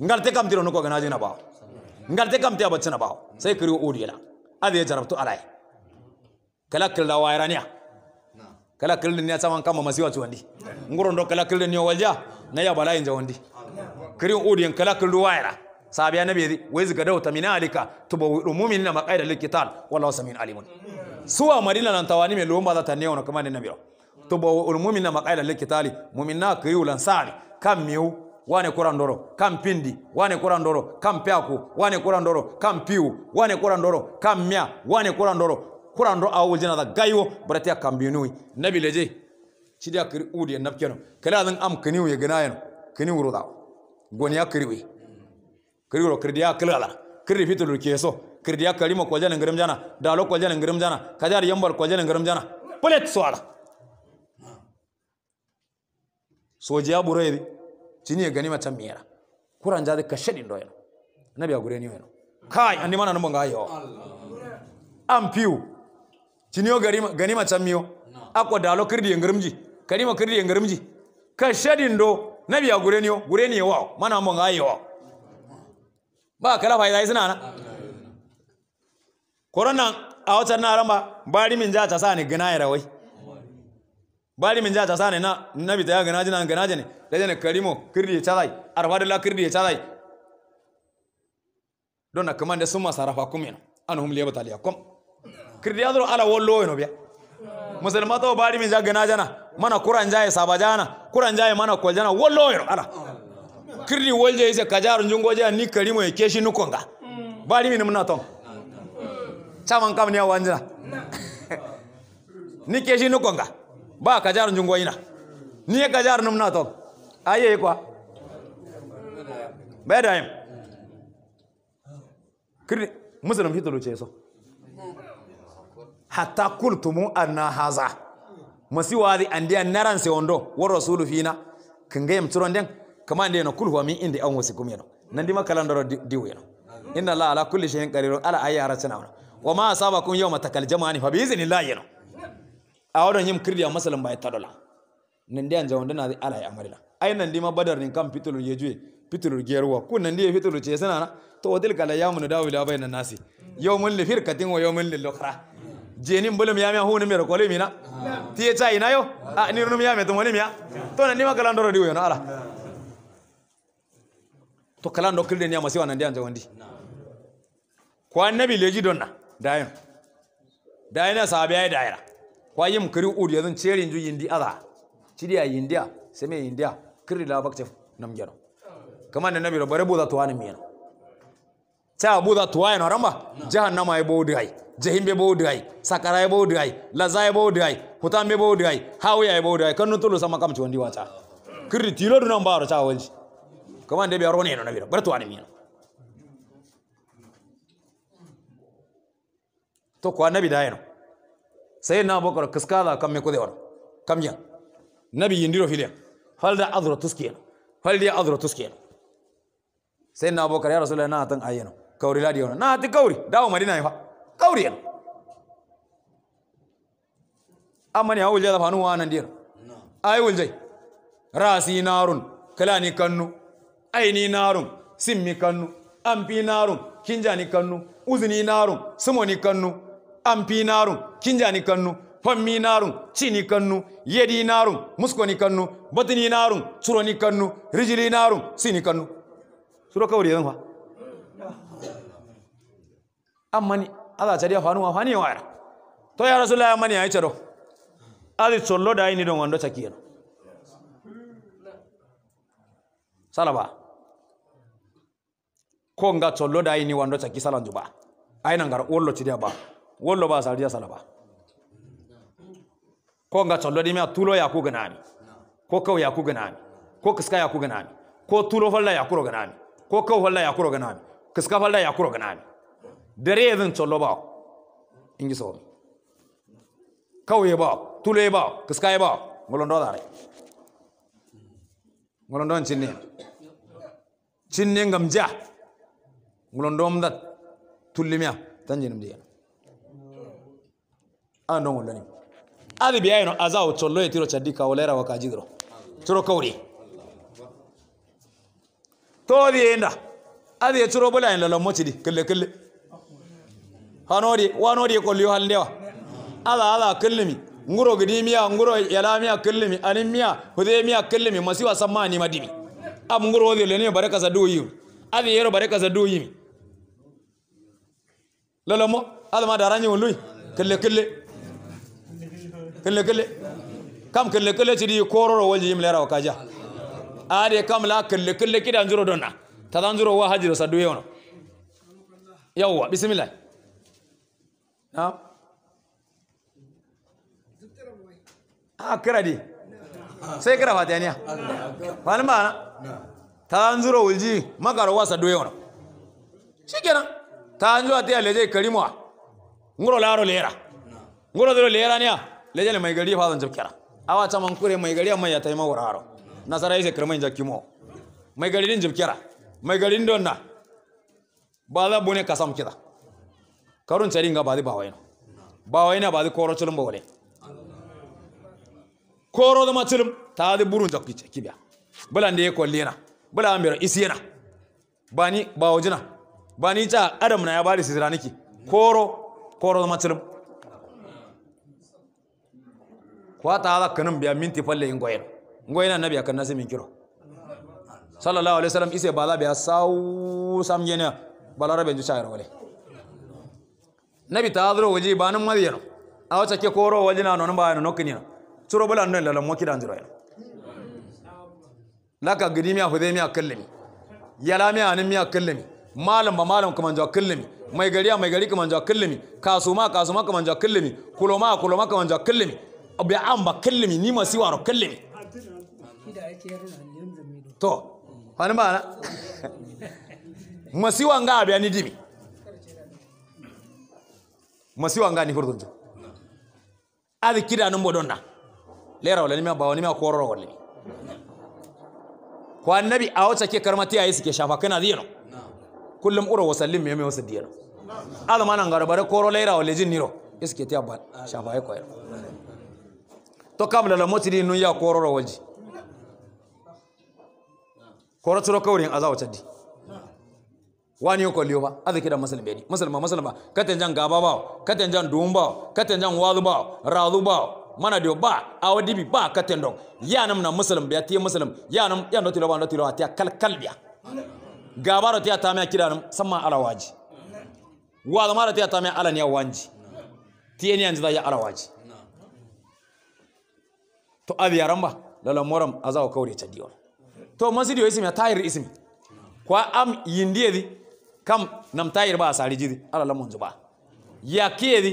ngal te kam tiro nuko ganaje na ba ngal te kam te abacce ba sai kiri odiyala ade jarabtu alai kala kala iraniya kala kelele ni atsawan kama maziwa tsuwandi nguro ndo kala kelele ni walja na ya balai inja wandi kiri udin kala kelele waira sabiya nabi yadi wezi gada wata mina alika tubo rumumin na maqaida likital wallahu samin alimun suwa marina nan tawani me lumba za taniya na kamani ni nabiro tubo rumumin na maqaida likitali mumina kiri ulan sali kam miu wane kura ndoro kampindi wane kura ndoro kampyaku wane kura ndoro kampiu wane kura ndoro kammya wane kura ndoro ndo awo jina da gaiwo barata kambinu nabi leje da kiri udi nab keno kala dan am kini gina ganayen kini wuro da goni ya kiriwi kiri wuro kiri ya kala da kiri fitul keso kiri ya kalimo ko jana ngirim jana dalo ko jana ngirim jana kajar yambar ko jana ngirim jana pulet swala gani buraydi cini ye ganima tamira kashe jade kashedin doyen nabi agure ni weno kai andi mana no ngayo am piu cinio ganima cammiyo Akwa, dalo kirdi yengirimji kanima kirdi yengirimji ka shadin do nabiya gureniyo gureniyo wao mana mo ngai wao ba kala faida suna na korona a wata na ramba bari min ja ta ni gina ya wai bari min ja ta na nabi ta ya gina jina gina jane da jane karimo kirdi ta zai arfadilla kirdi ta zai don na kamar da sun masarafa kuma yana an humliya bataliya kuma kirdiyadur ala wallo eno biya musulma to bari min na jana mana kuran jaye saba jana kuran jaye mana kol jana wallo eno ala kirdi wolje ise kajaru jungo jana ni karimo ya keshi nukonga bari min muna ton chaman kam ne wanjana ni keshi nukonga ba kajaru jungo ina ni kajaru numna ton aye kwa bedayim kirdi musulum hitolo cheso hatta kultumu anna haza wadi andi naran se wondo wa rasulu fina kinga yam turon den kama ande no kulhu min indi an wasi yano nandi makalan daro diwu yano inna allaha ala kulli shay'in qadir ala ayya haratin awna wa ma asabakum yawma takal jama'ani fa bi idhnillahi yano awon yim kirdiya masalan bai tadola nandi an jawon dana ala ya amarila ay nandi ma badar nin kam pitulul yejue pitulul geruwa kun nandi ya pitulul ce sana to wadil kala yamun dawila bainan nasi yawmun lifirkatin wa yawmun lilukhra jenin mbole ya miya hunu mero kwalimi na? tiye chai na yo a ah, ni runu miya to ngoni miya to na nima makala ndoro diwe no ala to kalando ndo kilde ni amasi wana ndia njo ndi kwa annabi leji donna dayon dayana sahabi ya dayara kwa yim kiri uri yazun cerin nju yindi ada chidi ya yindi seme yindi kirri la bakte nam jano kama annabi ro bare buda to an miyano cha buda tuwa yana ramba nama ya dirai jihin bai bau dirai sakara ya bau dirai laza ya dirai hutan bai bau dirai hawiya ya bau dirai kanu tulu sama kamci chundi wata kiri tilo duna mbaro cha wanji da biyar wani yana biyar. bar tuwa ne mina to kuwa nabi da yana sai na bakar kaskala kan mai kudewar kam yan nabi yindiro filiya falda azra fal falda azura tuskiyan sai na bakar ya rasulullahi na tan ayyana kauri ladi ona na ti kauri dawo madina ya fa kauri yana amma ne awul jada fanu wa nan dir ai wul jai rasi narun kalani kannu aini narun simmi kannu amfi narun kinjani kannu uzni narun ni kannu amfi narun kinjani kannu fammi narun cini kannu yedi narun muskoni kannu batini narun ni kannu rijili narun sini kannu suro kawri yan fa amani ala tariya hanu ya wara to ya ya ammani ay taro ali sollo da ni don wando takiyano salaba ko nga sollo da ni wando taki salanju ba aina nan gar wollo tidiya ba wollo ba saldiya salaba ko nga sollo di me tulo ya ku ganani ko kaw ya ku ganani ko kiska ya ku ganani ko tulo falla ya kuro ganani ko kaw falla ya kuro ganani kiska falla ya kuro ganani dere zan chollo ba kawye ba tule ba kiskaye ba ngolondo dare ngolondo chinne chinne ngamja ngolondo mdat tullimya tanjinum diya andon ngolani adi biya no azao chollo etiro chadika olera wakajigro churo kawri to di enda adi churo e bola hanode wanode kolli hande wa ala ala kullumi nguro gidimiya nguro yalamiya kullumi animiya hudemiya kullumi masiwa sammani madimi am nguro wode leni baraka kasa doyi adi yero baraka sa doyi lolomo alma darani wului kulle kulle kulle kulle kam kulle kulle yi kororo walji yimle rawa kaja ade kam la kulle kulle kidan zuro donna tadan zuro wa hajiro da doyi wono yawwa bismillah na a ah, kira dai sai kira fataniya fani ba na ta an zura wulji makarwa sado yawan shi kenan ta zuwa ta yalaje karimuwa ngoro laro lera ngoro zuro lera ne leje mai gari fa zan jikira awa ta man kure mai gari amma ya taima wararo nasara yake kirman jakimo mai gari din jikira mai gari don na ba za bune kasam kida karun cari nga badi bawai no bawai badi koro chulum bawale koro da machulum ta da burun jakki ce kibiya bulan da ya kwalle na bulan bani bawajina bani ta adam na ya bari sisira niki koro koro da machulum kwa ta ala kanum biya minti falle ingoyen ngoyena nabi akan nasi min kiro sallallahu alaihi wasallam ise bala biya sawu samjena balara ju chayar wale nabi ta zuro waje ba nan mariyar a wace ke koro waje na nan bayan nan yana turo bula nan lalan moki da anjiro yana laka gidi miya hude miya kallami yala miya anin miya kallami malam ba malam kuma jawa kallami mai gari a mai gari kuma jawa kallami kasuma kasuma kuma jawa kallami kulo ma kuma jawa kallami abu ya an ba kallami ni ma siwaro kallami to hani ba na masiwa nga abu ya ni dimi masi wangani hurdunjo adi kida numbo donna lera wala nima bawa nima kororo wale ko annabi a wata ke karmati ayi suke shafa kana dhiyano. Kulim uro wasallim ya me wasa diyano ala manan garbare koro lera wale jin niro kia tia ba shafa ayi koyar to kam la motiri nun ya kororo waji koro turo kaurin azawa chadi. wani yo kolliyo ba azaki da muslim beni muslima muslima katen jan gaba ba katen jan dum ba katen jan wadu ba razu ba mana dio ba awadibi ba katen dong yanam na muslim biya tiya muslim yanam ya no tilo ba no tilo atiya kal kal biya gaba ro tiya tamya kidanam ala alawaji wazu ma ro tiya tamya alani wanji tiya ni anji da ala waji to abi yaramba lala moram azaw kawri tadiyon to masidio ismi tayir isimi kwa am di. kam nam tayir ba sari jidi ala lamun zuba ya kiyedi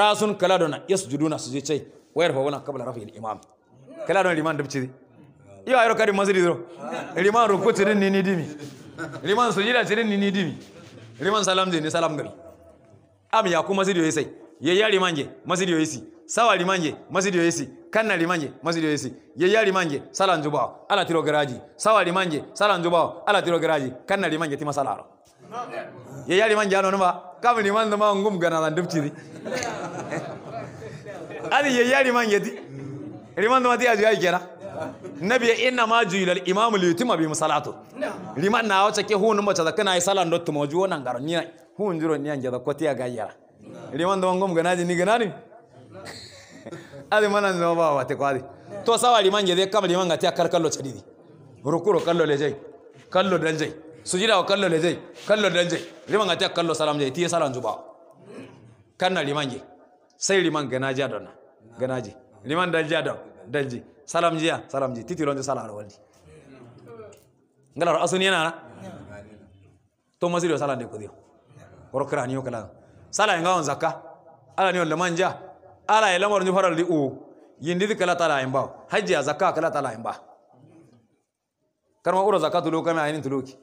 rasun kala dona yasjuduna sujud chay wayar fa wana qabla rafi al-imam kala dona liman dubci iyo ayro kadi masjid ro liman ruku tirin ni ni dimi liman sujuda tirin ni ni dimi liman salam ni salam gari am ya ku masjid yo sai ya ya liman je masjid yo yisi sawa alimanje maziriyo yesi kanna alimanje maziriyo yesi yeye alimanje sala nzuba ala tirogeraji sawa limanje sala nzuba ala tirogeraji kanna alimanje tima salaro yeye alimanje ano namba kama ni limanza ma ngum gana la ndipchiri ali yeye alimanje ti ma ti aji ai kera nabi inna ma juila al-imam li yutima bi masalato liman na wace ke hunu mace da na yi sala ndottu mo juwo nan garon ni hun jiro ni anje da kotiya gayyara limanza ma ngum gana ji ni gana ni adi mana no ba wate ko adi to sawa liman je kama liman ga ta kar kallo chadidi rukuro kallo le jai kallo dan jai sujida wa kallo le jai kallo dan jai liman ga ta kallo salam jai tiye salam juba kanna liman je sai liman gana ja dona gana je liman dan ja don dan salam jiya salam ji titi lonjo sala waldi ngalar asuni yana to masiro sala de ko dio rokra kala sala ngawon zakka ala ni on le manja ala ya ngor ni faral di u yindi di kala tala imba haji zakka kala tala imba karma ura zakatu lo kana ainin tuluki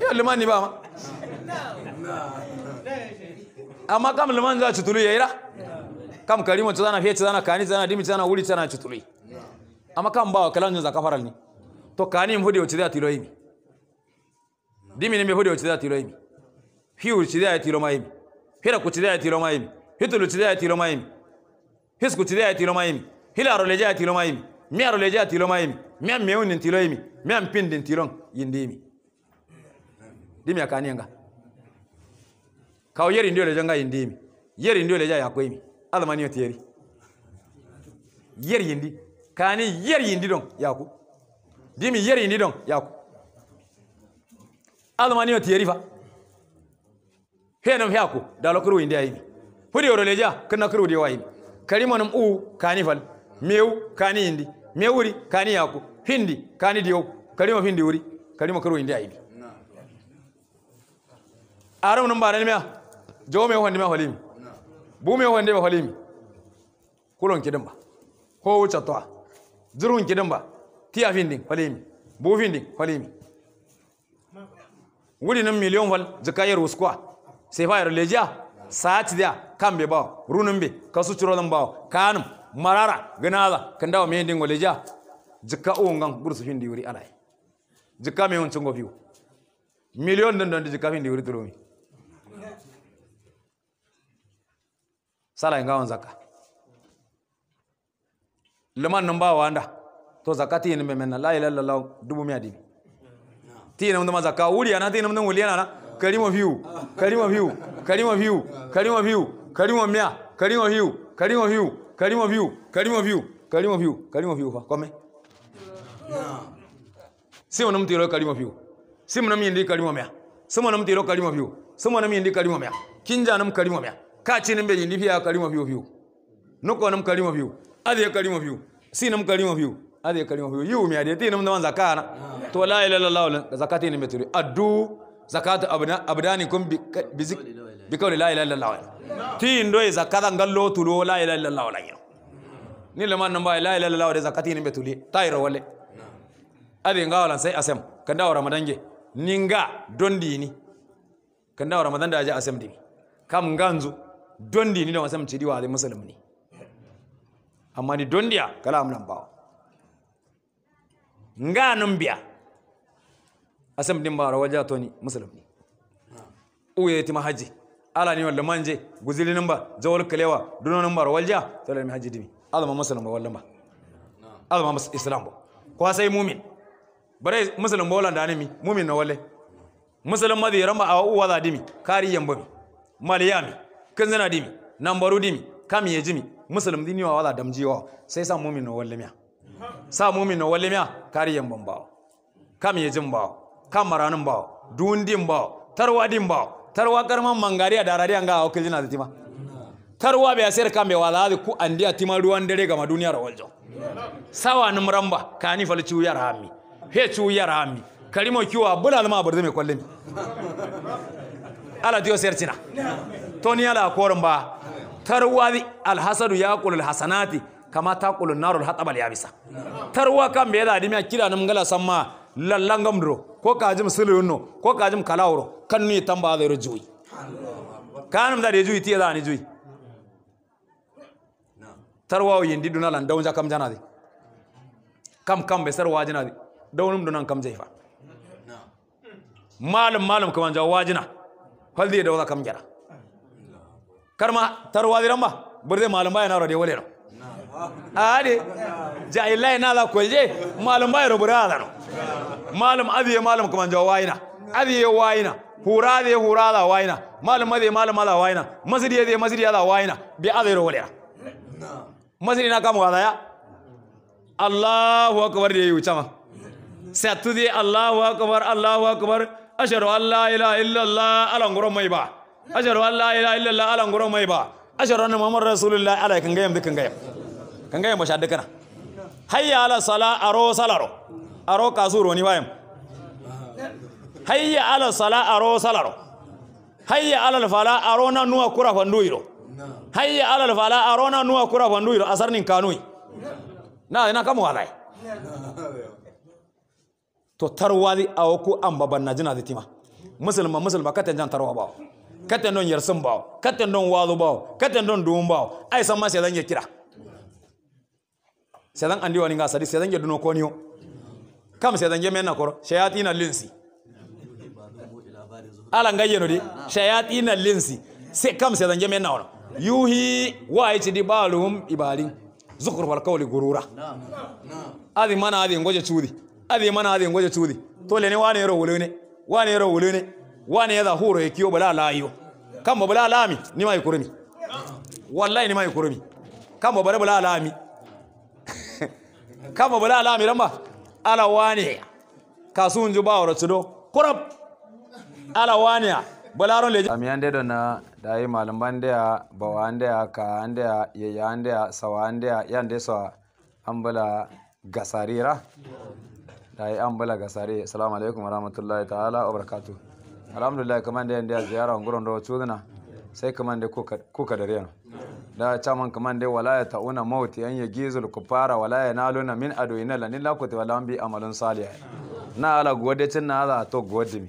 ya liman ni ba ma amma kam liman za chutulu ira kam karimo chana fiye chana kani chana dimi chana uli chana chutulu amma kam ba kala nyo zakka faral ni to kani mhudi uchidha tilo himi dimi ni mhudi uchidha tilo himi hiu uchidha tilo maimi hira kuchidha tilo maimi hitu lutidea ya tilo maimi kutidea ya tilo maimi hila aroleja tilo maimi mi aroleja tilo maimi Mia meuni ntilo imi Mia mpindi ntilong yindimi dimi ya kanyanga. Kau yeri ndio lejanga nga yindimi yeri ndio leja ya kwemi. imi alamaniyo tieri yeri yindi kani yeri yindi dong yaku dimi yeri yindi dong yaku alamaniyo tieri fa Hei henam yaku dalokuru yindi ya imi. hudi yoro leja kana kuru de wayi karimanum u kani fal meu kani hindi uri kani yaku hindi kani diyo karima hindi uri karima kuru hindi ayi aram num baran miya jo me wonde me holimi bu me wonde me holimi kulon kidin ba ko wuce to zurun kidin Tia hindi halimi. bu hindi halimi. Wuli nan milion fal zakayar uskuwa sai fa Saati dia. Saati dia. kambe runin runumbe kasu curolan bawo kanum marara kan dawo me ndingo leja jikka ungan gursu fin hindi wuri alai jikka me huncingo fiu miliyon don don jikka hindi wuri turumi. sala ngawon zakka leman nan ba wanda to zakati yin be menna la ilaha illallah dubu miya dibi ti nan ma zakka wuri ana ti nan wuri ana kalima fiu kalima fiu kalima fiu kalima fiu kalimo mia kalimo hiu kalimo hiu kalimo hiu kalimo hiu kalimo hiu kalimo hiu kome sio na mtu ilo kalimo hiu sio na mimi ndiye kalimo mia sio na mtu ilo kalimo hiu sio na mimi ndiye kalimo mia kinja na anam kalimo mya kachi nimbe ndi pia kalimo hiu hiu nuko anam kalimo hiu adhi kalimo hiu si nam kalimo hiu adhi kalimo hiu yu mya dia tinam ndanza kana to la ilaha zakati ni metri adu zakatu abdanikum bi kawli la ilaha illallah ti ndoy e zakata ngallo tulo la ilaha illallah la yo ni le man namba e la ilaha illallah de zakati ni betuli tayro wale ade ngawala sai asem kanda ramadan ge ninga dondi ni kanda ramadan da aje asem dini kam nganzu dondi ni da asem cidi wa muslim ni amma ni dondiya kala amnan bawa nga biya. asem dimba ra waja toni muslim ni uye ti mahaji ala ni wala manje guzili nimba jawal kalewa duno nimba ra walja tala mi haji dimi ala ma muslim ba wala ma ala ma islam ba ko sai mumin bare muslim ba wala da mi mumin na wale muslim ma dira ma awu wala dimi kari yamba mi maliyami kanzana dimi nambaru dimi kam ya jimi muslim dini wa wala wa sai sa mumin na wale miya sa mumin na wale miya kari yamba ba kam yejim jimba kamaranin ba dundin ba tarwadin ba tarwa karman mangariya da rariya ga hawkil da tima tarwa bai asir kan bai wala ku andiya tima ruwan dare ga duniya da waljo sawa nim ramba kani fal ciwu yar hami he ciwu yar hami kalimo kiwa bula alma burde mai kwallin ala dio sertina to ni ala korin ba tarwa alhasadu ya qulul hasanati kama ta qulun narul hatabal yabisa tarwa kan bai da dimiya kira nan gala samma lallan gamdro ko kajim no ko kajim kalawro kan nuyi tamba da yoro juyi kanum da de juyi tiya da ni juyi tarwa yindi duna lan dawnja kam janade kam kam be sarwa janade dawnum dunan kam jaifa malam malam kaman jawa wajina haldi da wala kam jara karma tarwa diramba burde malam bayana rode walero aade jahillai nala Malam malum bayro buradano malum abiye malum kumanjo wayna hura wayna hurade hurada wayna malum abiye malum ala wayna masiri ade masiri ala wayna bi adero wala masiri na kamu adaya allahu akbar de Satu satude allahu akbar allahu akbar ashhadu an la ilaha illa allah ala ngoro mai ba wa an la ilaha illa allah ala ngoro mai ba ashhadu anna muhammadar rasulullah ala kan gayam kanga yamma shadda na. hayya ala sala aro salaro aro kasu roni wayam hayya ala sala aro salaro hayya ala fala aro na nuwa kura fanduiro hayya ala fala aro na nuwa kura fanduiro asarnin kanui na ina kamu alai to tarwadi awoku ambaban najina ditima musulma musulma katen jan tarwa bawo katen don yarsun bawo katen don wazo bawo katen don duhun bawo ai san ma sai zan ya kira sedan andi wani nga sadi sedan yeduno konyo kam sedan yemenna kor shayatina linsi ala nga yeno di shayatina linsi se kam sedan yemenna ono yuhi wa yace di balum ibalin zukur wal qawli gurura adi mana adi ngoje chudi adi mana adi ngoje chudi to le ne wane ro wulune wane ro wulune wane ya huro yakiyo e bala layo kan bala lami ni mai kurmi wallahi ni mai kurmi kan bala lami kama bala ala miran ba ala wani kasun ju ba wara tudo kurab ala wani balaron leji am yande do na dai malam bande ya bawa ande ya ka ande ya ye ya ande ya sawa ande ya yande so ambala gasarira dai ambala gasari assalamu alaikum warahmatullahi ta'ala wabarakatuh alhamdulillah kamande yande ziyara nguron do chudna sai kamande kuka kuka dare da chairman dai wala ya ta'una mauti an ya gizul fara wala ya luna min ado adoina lanin lakuti wala bi amalun saliya na ala gwadacin na ala to godimi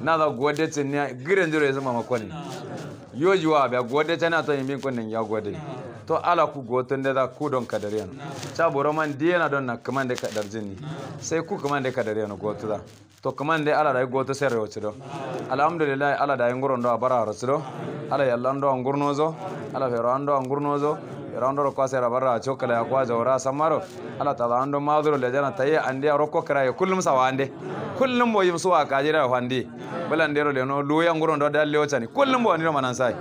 na ala gwadacin ne girin jiro ya zama makonni a ba gwadacin na to yin bin kunnin ya godimi to ala ku goton da ku don kadariyan Ca boro man diena don na kadar jini. sai ku kamande kadariyan goto za. to da ala da goto sai rewaci cido alhamdulillah ala da ngoron do rasu do ala an do ngurnozo ala fero an do ngurnozo sai rabar sera barra chokala ya kwaza ora samaro ala ta ando maduro da jana an ande roko kira ya kullum sawande kullum boyim suwa kajira handi bulandero le no luya ngurno do dalle cani. kullum bo ni manan sai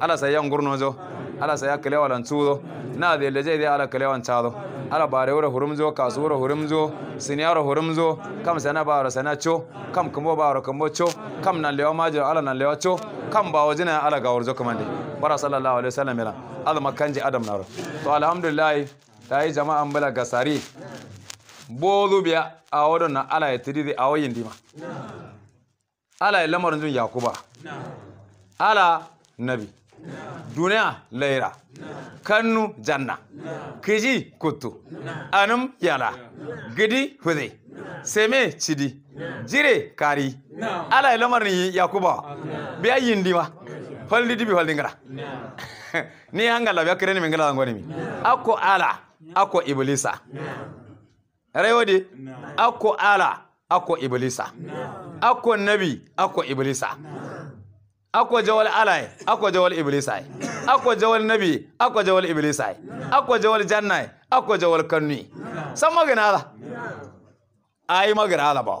ala sai gurno zo ala saya kale wala tsudo na de leje de ala kale wan tsado ala bare wura hurumzo kasuwar hurumzo siniyar hurumzo kam sana ba ra sana cho kam kambo ba ra kambo cho kam nan lewa majo ala nan lewa cho kam ba wajina ala ga wurzo kamande bara sallallahu alaihi wasallam ila azma kanji adam naro to alhamdulillah tayi jama'an bala gasari bodu biya a wadon na ala ya tiri a wayin dima ala ya lamarin jun yakuba ala nabi duniya laira kannu janna kiji kutu. anum yala gidi hude seme cidi jire kari ala ye ni yakuba biya yindima holli dibi holli ngara ni hanga labiya kireni ni ngala ngoni mi ako ala ako iblisa rewodi ako ala ako iblisa ako nabi ako iblisa akwa jawal alai akwa jawal iblis ai akwa jawal nabi akwa jawal iblis ai akwa jawal jannai akwa jawal kanni san magana ala ai magana ala ba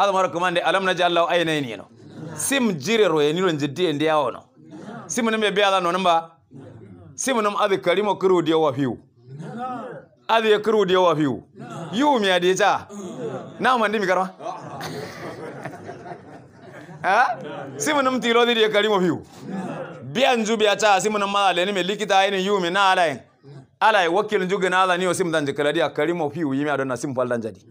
ala mara kuma ne alam naji allah ai ne ne no sim jire roye ni ron jiddi en dia wono sim ne me be ala no namba sim nam abi karimo kuru dia wa fiu abi kuru dia wa fiu yu mi adija na mandi mi karma simuna mtiilothirie kalimo biu bia njubi acha simuna malale nime likita ene yume na alae alae wakil njuge na ala niyo simu danjekaladia kalimo biu yimi adona simu pal danjadi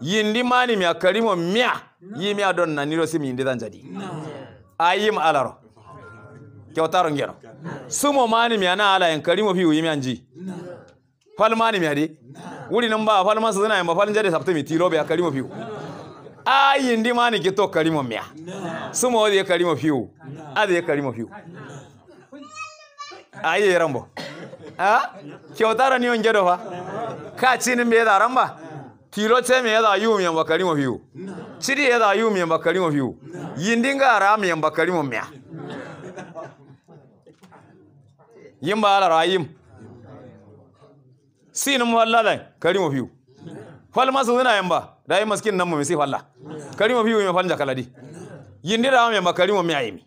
yindimani mya kalimo mya yimi adona nilo simu yindi danjadi ayim alaro kyautaro ngero sumo mani mya na alae kalimo biu yimi anji falmani mya di wuri namba falmasa zina yamba falnjade saptemi tiro be kalimo biu ayi ndi mani gito kalimo mya sumo ya karimo fiu adi a yi ayi rambo ha kyotara ni gado fa ka ni me da ramba kilo ce me da yu mi amba kalimo yiwu chiri ba yu mi amba nga ra miyan ba karimo miya yin ba ala rayim mu sinu karimo kalimo fiu falmasu zina yamba dai maskin nan mu mi sifalla karima biyu mi fanja kaladi yindira mi makarimo mi ayimi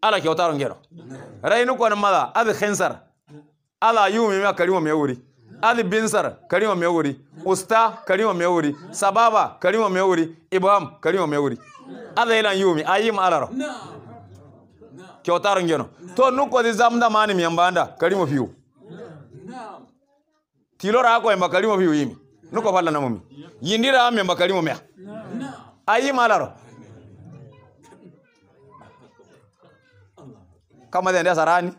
ala kyauta ron gero rainu ko nan maza abi khinsar ala yumi mi karimo mi wuri ali binsar karima mi wuri usta karima mi wuri sababa karima mi wuri ibham karima mi wuri ala ilan yumi ayim alaro kyauta ron gero to nuko di zamda mani mi ambanda karimo fiu tilora ko e makarimo fiu yimi nuko pala na mumi yindira ame makali mumya ayi malaro kama da sarani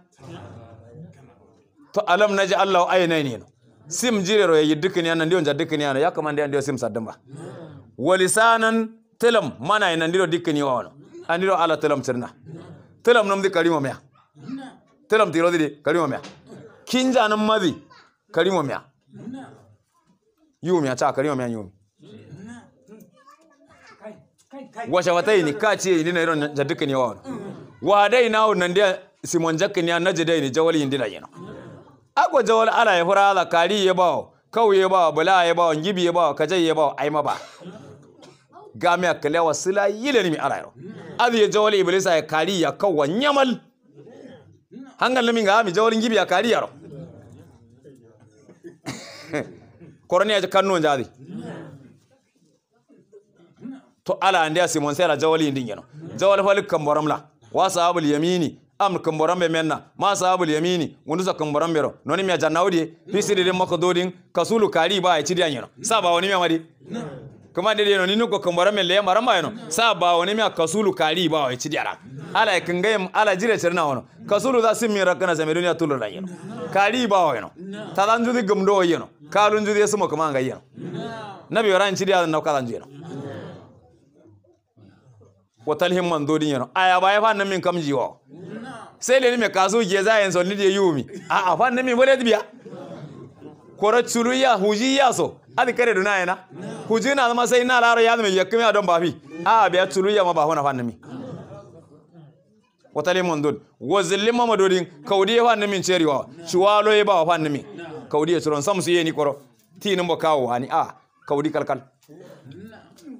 to alam naji allah aynaini sim jirero ya yiddikini ana ndio nja dikini ana yakama ndio ndio sim sadamba walisanan telam mana ina ndiro dikini ono andiro ala telam sirna telam namdi kalimo mea telam tiro kalimo kinja namadi kalimo mea yumi hata akaliwa mea yumi washa yi ni ka kachi ni na iron jadike duka ne wa Wa dai na on ndia simon jakke ni anaje dai ni jawali indina yeno ako jawal ala ya fura ala kali ya bawo kauye bawo bala ya bawo ngibi ya bawo kajai ya bawo ai ma ba Ga a kale wa sila yile ni mi ala yaro adi ya jawali iblisa ya kali ya kawa nyamal hangal mi ga mi jawali ngibi ya kali yaro koroni aja kannu jadi to ala andia simon sera jawali ndingeno jawali fali la wa sahabul yamini am kamborambe menna ma sahabul yamini gundusa kamborambe ro noni mi janawdi fisiri de makododin kasulu kari ba e chidi anyeno saba woni mi amadi kuma ndede yano ninu ko kambara me le mara ma no sa ba woni me kasulu kari ba wai cidiyara ala e kangay ala jire cerna wono kasulu da simmi rakana sa me duniya tulu da yeno kari ba wai no ta dan judi gumdo yano. kalun judi sumo kama ga yeno nabi ran cidiya na ka dan yeno watal himman dodin yeno aya ba ya fa nan min kamji wo sai le ni me kasu je za yen so ni de yumi a a fa nan min bole dibiya korat suluya hujiya so adi kare duna yana na zama sai ina laro ya zama yakmi adon bafi a biya tulu ya ma ba hona fannami watale don. wazilli ma madodin kaudi ya fannami wa shuwalo ya ba wa fannami kaudi ya su yi ni koro tinin ba kawo wani a kaudi kalkal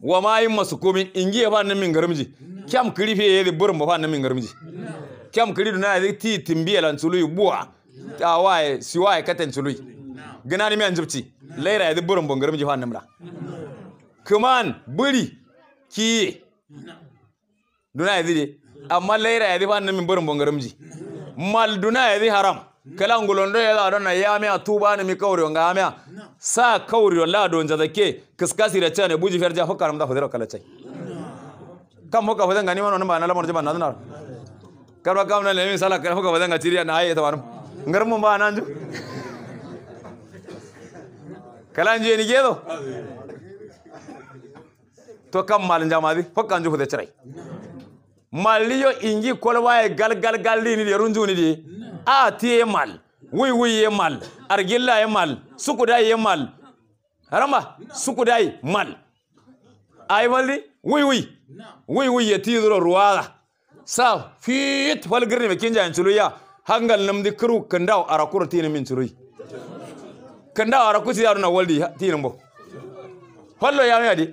wa mayin masu komin ingi ya fannamin garmji kyam kirife ya zai burin ba fannamin garmji kyam kiri duna ya zai ti timbiya lan tulu buwa tawaye siwaye katan tulu gina ni mai jibci laira ya burin bongaram ji hannu mura kuman buri kiye duna ya zide amma laira ya zifa hannun min burin bongaram ji mal duna ya haram kala ngulondo ya zaɗo na ya miya tuba ni mi kauri wanga ya miya sa kauri ladon don ke kiskasi da cene buji fiyar jafa karam da fadira kala cai kam hoka fadan gani mana ba na lamar jiba na zanar karba kam na lemi sala karfa ka fadan ga ya na haye ta wani ngarmun ba nan ju ಕಲಾಂಜಿ ಏನಿಗೆ ಅದು ತೊಕಂ ಮಾಲನ್ ಜಾಮಾದಿ ಹೊಕ್ಕಂಜು ಹುದೆ ಚರೈ maliyo ingi kolwaye gal gal gal ni de runjuni di a tiye mal wi wi ye mal argilla ye mal sukuda ye mal harama suku dai mal ay maldi wi wi wi wi ye tidro ruwaga sa fit fal girni me kinja en ya hangal namdi kru kandaw ara kurtini min chuluy kanda ara kusi yaru na waldi tirimbo hollo yami adi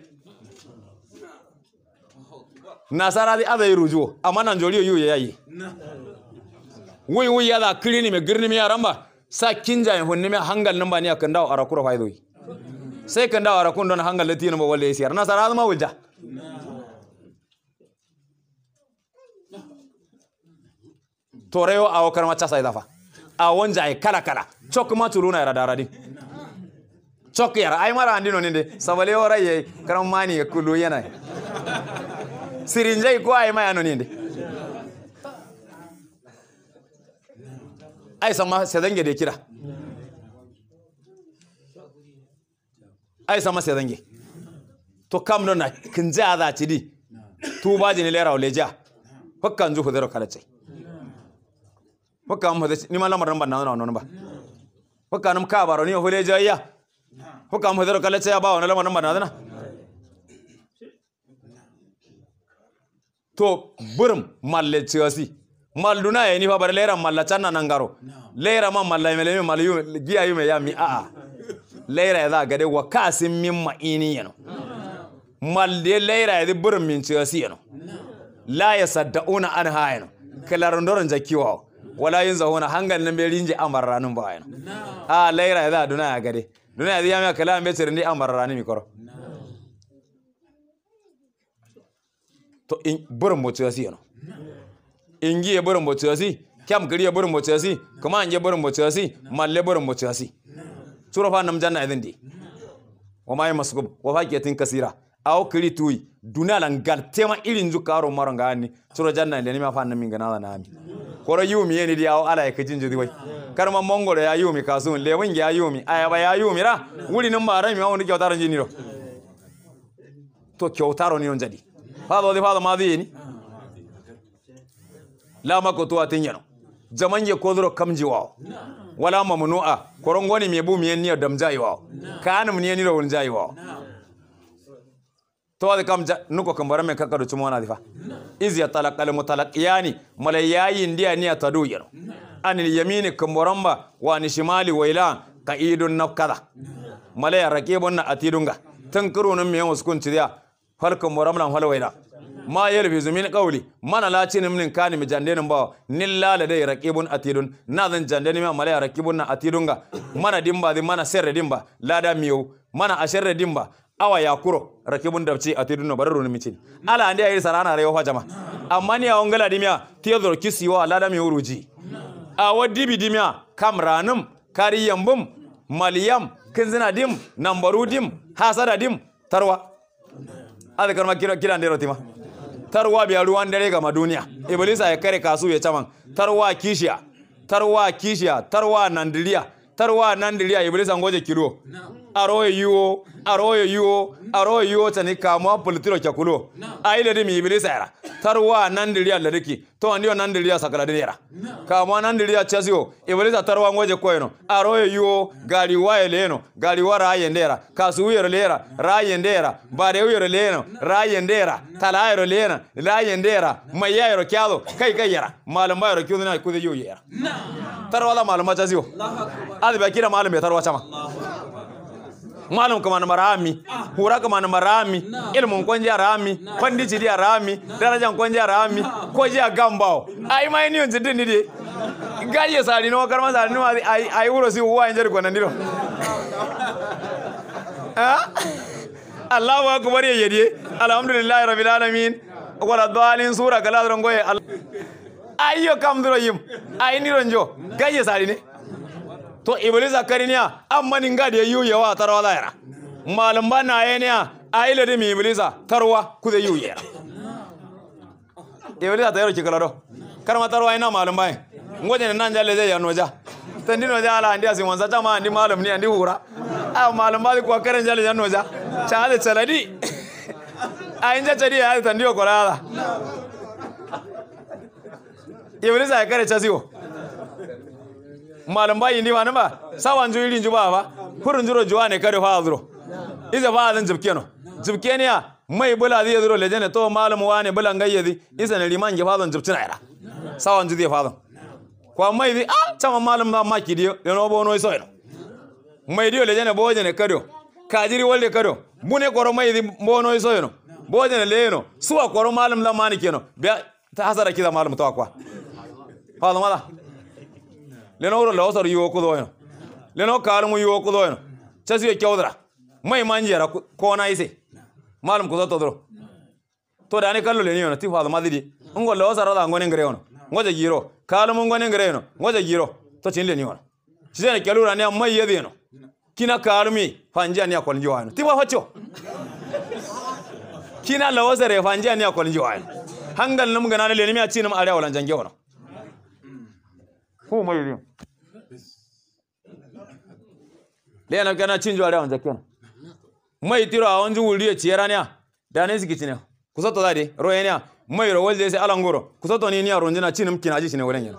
nasara di ada irujuo amana njoliyo yu ye yayi wui wui ya da kirini me girni me yaramba sa kinja en honni me hangal namba ni akanda ara kura faidoi sai kanda ara kun don hangal lati namba waldi siyar nasara ma wulja toreo awo karma chasa idafa awon jai kala kala chok ma chuluna yara daradi chok yara Ai mara andino ninde sabale ora ye Kara mani kulu yana sirinjai ko ai mayano ninde ay sama sedange de kira ay sama sedange to kam don na kinja za ci di tuba jini lera oleja fakkan ju hudero kalace fakkan mu ni ma nan ba na wannan ba hukanum ka baroni o hule jayya hukam hedero kale ya ba na lama namba na to burum malle tiyosi malduna ya ni fa bar lera malla channa nangaro lera ma malla mele mi mallu giya yume ya mi a a lera ya za gade wa kasin min ma'ini yano malde lera ya burum min tiyosi yano la ya saddauna an ha yano kalarondoron jakiwa wala yin na hangan nan bai rinje amar ranin ba yana a laira ya za duna ya gade duna ya ziyama kala bai tsirin amar ranin mi koro to in burin mutu ya siya no in giye burin mutu ya si kyam ya burin mutu ya si kuma an giye burin mutu ya si malle burin mutu ya si sura fa nam janna idin di wa masu gub wa faqiyatin kasira o kiri tuyi duniya lan gal tema irin zu karo maron gani sura janna le ni ma fa nan min gana na ami koro yumi yeni di awo ala yake jinjo di wai karma mongoro ya yumi kasun lewin ya yumi ayaba ya yumi ra wuri nin mara mi wani kyautaro jini ro to kyautaro ni on jadi fado di fado yi yeni la mako tuwa tun yano jaman ko kodro kamji wawo wala a koron goni me bu mi yeni dam jai wao kanum ni yeni ro won jai to da kam nuko kan barame ka karu cimo na difa izi ya talaqal mutalaqiyani malayayi ndiya niya tadu yano an yamini kan baramba wa ni shimali waila qaidun nakada malaya raqibun na atidunga tan kuru nan me waskun tiya halkan kan baramlan fal waila ma yalfi zumin qawli mana la cinin min kani mi jandenin ba nilla la dai raqibun atidun na zan jandeni ma malaya raqibun na atidunga mana dimba di mana serre dimba lada miyo mana asharre dimba awa ya rake rakibun dabci a tiduno bararo ni micin ala ande yi sarana ana fa jama amma ni awon gala dimya tiyador kisiwa alada mi uruji a wadi bidimya kamranum kariyambum maliyam kinzina dim nambaru dim hasada dim tarwa azkar makira kira dero rotima tarwa biya ruwan dare ga maduniya iblisa ya kare kasu ya caman tarwa kishiya tarwa kishiya tarwa nandiriya tarwa nan da dili an goje kiro aroye yuo aroye yuo aroye yuo tani kamo pulitiro chakulo aile dimi ibilisa era tarwa nan riya aladiki to ndio nandilia sakaladirira kama nandilia chasio ibaliza tarwa ngoje koyeno aroye yo gali waeleno gali warayendera kasuuyerolera rayendera bareuyoroleno rayendera talayerolena layendera mayayero kyalo kai kai yara, kayera malamba yero kyudina kude yuyera tarwa la malamba chasio adi bakira malamba tarwa chama malam ka mana marami ah. hura ka mana marami ilmun kwanja rami kwandiji dia rami darajan kwanja rami ko ji a gambao ai mai ni yonje din ni gaje sari no karma sari no ai ai wuro si uwa injer ko nandiro ah? Allahu akbar ya yede alhamdulillahi rabbil alamin wala dalin sura kala rongoye ayyo kam yim ai ni ronjo gaje sari ni to iblisa kariniya amma ninga da yu yawa tarwa zaira malamba na yenia aile de mi iblisa tarwa kude yu yera iblisa tayaro kikalado karma tarwa ina malamba ngoje nan jale zai yano ja tandi no jala ndia si wanza chama ndi malam ni ndi hura a malamba ko karen jale yano ja chale chaladi a inja chadi ya tandi ko lala iblisa ya kare chasiwo malam bayi ni wani ba sawan ju irin ju ba ba kurun juro juwa ne kare fa azuro iza ba azan jibke no jibke ne mai bula zai zuro lejene to malam wani bulan gayyadi iza ne liman ji fa zan na ira sawan ju zai fa zan kwa mai di ah chama malam na maki dio no bo no iso eno mai dio lejene boje ne kado kajiri wolde kado bune koro mai di bo no so eno boje ne leeno suwa koro malam da mani keno be ta hasara kiza malam to akwa fa mala leno wuro lawsar yuwo kudo eno leno mu yuwo kudo su ya kyodra mai manjera kona ise malum kuzo todro to dani kallo leni yono ti fadu madidi ngo lawsar da ngone ngre yono ngoje giro mu ngone ngre yono ngoje giro to chin leni yono chizene kyalura ne mai yedi yono kina mi fanja ni akol jiwa yono ti wa hocho kina lawsar e fanja ni akol jiwa yono hangal num ganale leni mi a num a wala jange yono na Huu mwili lena kana chinjwa leo njakena mwaitiro aonju ulie chierania danesi kitine kusoto dadi roenia mwairo wolde se alangoro kusoto nini ya ronjina chini mkina aji chine wolenya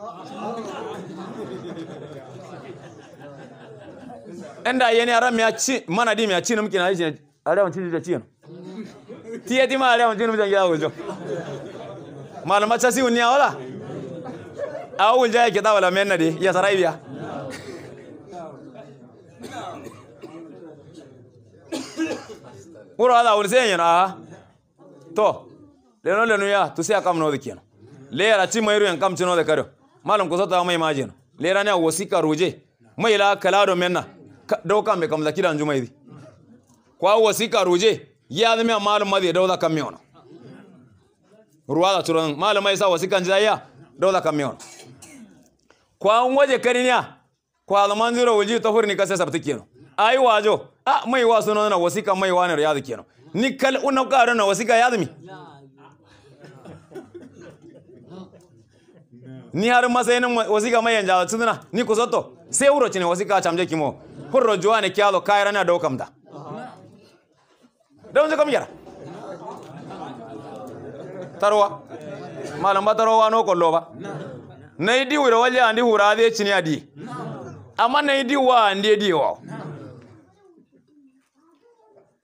enda yene ara mia chi mana di mia chini mkina aji chine ara onju ulie chino tieti ma ara onju mjangia ujo malama chasi unia wala awul jaya ke dawala menna de ya sarai biya wuro ala awul sen yana to leno leno ya to sai akam no de kien le ara ti mairu en kam tino de karo malam ko sota mai majin le rani awosika roje mai la kalado menna doka me kam zakira njuma idi kwa wasika roje ya zama malam madi dauda kan miyon ruwa da turan malamai sa wasikan jayya dauda kan miyon kwan waje karinya kwa zaman zira waje ta hurni kasa sabta keno ai wajo a mai wa suno na wasika mai wa ne yazu keno ni kal unna qaro na wasika yazu ni har ma masayin wasika mai yanja tsuna ni kusoto sai wuro cine wasika chamje kimo hurro juwa ne kyalo kaira na daukam da don zakam yara tarwa malam ba tarwa no kollo ba na idi da wajen andi hura zai ci ne di amma na idi wa andi idi wa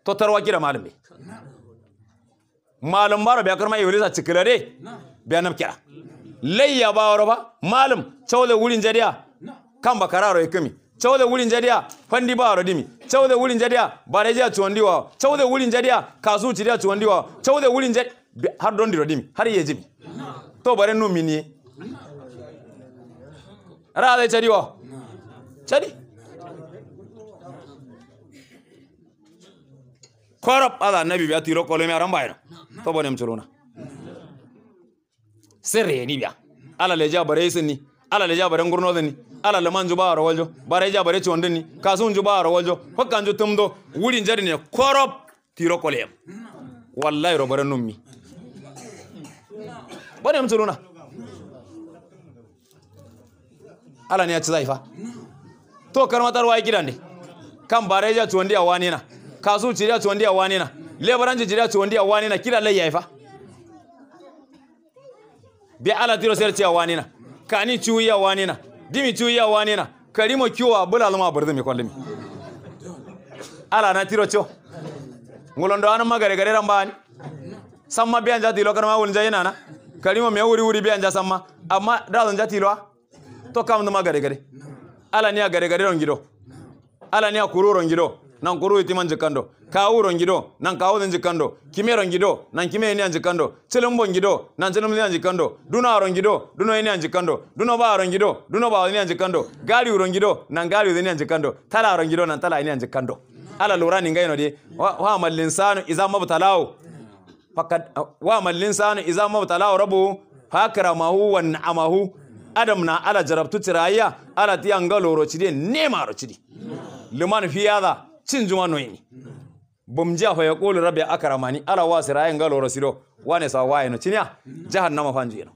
to tarwa kira malami malum baro biya karma iblisa cikilare biya nam kira layya ba waro ba malum da wurin jariya kan kami cewa da wurin jariya fandi ba waro dimi da wurin jariya diwa cewa da wurin jariya kasu diwa cewa da wurin jariya har don diro dimi har yeji to bare no raale cadi wa cadi korop ala annabi biya tiro tiro kolome aɗa mbayno to bonem coluna se reeni biya ala leja bare sen ni ala leja bare ngurnoden ni ala manju juba aro waljo. Bare ja bare conden ni kasun juba aro woljo hokkanjo tumdo wuri jadine korop tiro koleyam wallahi ro bare nummi bonem coluna ala ne ya ci fa. to kar matar wai gidan ne kan bare ja tuwon dia wane na kasu ci ja tuwon dia wane na lebaran ci ja tuwon dia wane na kira lai ya fa. bi ala tiro sai ya wane na kani ci ya wane na dimi ci ya wane na karimo kiwa bula luma burzumi kwalimi. ala na tiro ci ngulondo an magare gare bani. samma bianja tilo ma wulja jayina na karimo me wuri wuri bianja samma amma dazan tilwa? to kam ndama gare gare ala ni a gare gare ron gido ala ni a kuru ron gido nan kuru iti man jikando kawu ron gido nan kawu nan jikando kime ron gido nan kime ni an jikando cilin bon gido nan cilin ni an jikando duna ron gido duna ni an jikando duna ba ron gido duna ba ni an jikando gari ron gido nan gari ni an jikando tala ron gido nan tala ni an jikando ala lura ni ngai no de wa mal sanu, idza mabtalahu fakad wa mal iza idza mabtalahu rabbu fakramahu wa na'amahu adam na ala jarabtu tiraya ala ti anga loro chidi nema ro chidi liman fiyada cin juma noyini bomja fa yaqulu rabbi akramani ala wasiraya nga loro siro wane sa waye no chinya jahannama fanjino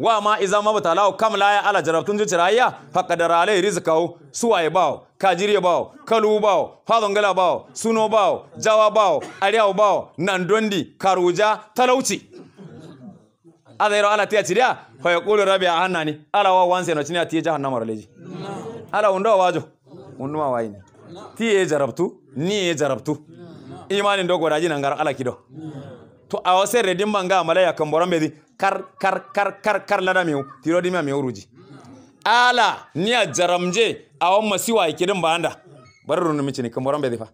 wa ma iza mabata lawo kam la ya ala jarabtun ji cirayya faqadara alai rizqahu suwaye bawo kajiriye bawo kalu bawo fadongala bawo suno bawo jawa bawo ariyawo bawo nandondi karuja talauci ada yero ala tiya ciria hoye kulu rabi a hannani ala wa wanse no cinia tiye jahannama raleji ala undo wajo unnuma wayni tiye jarabtu niye jarabtu imanin do godaji ngara ala kido to awo serre a malaya kamborombe di kar kar kar kar kar lada miu tiro dimi mi uruji ala ni a jaramje awon masiwa ikidin banda bari runu mici ni kamborombe di fa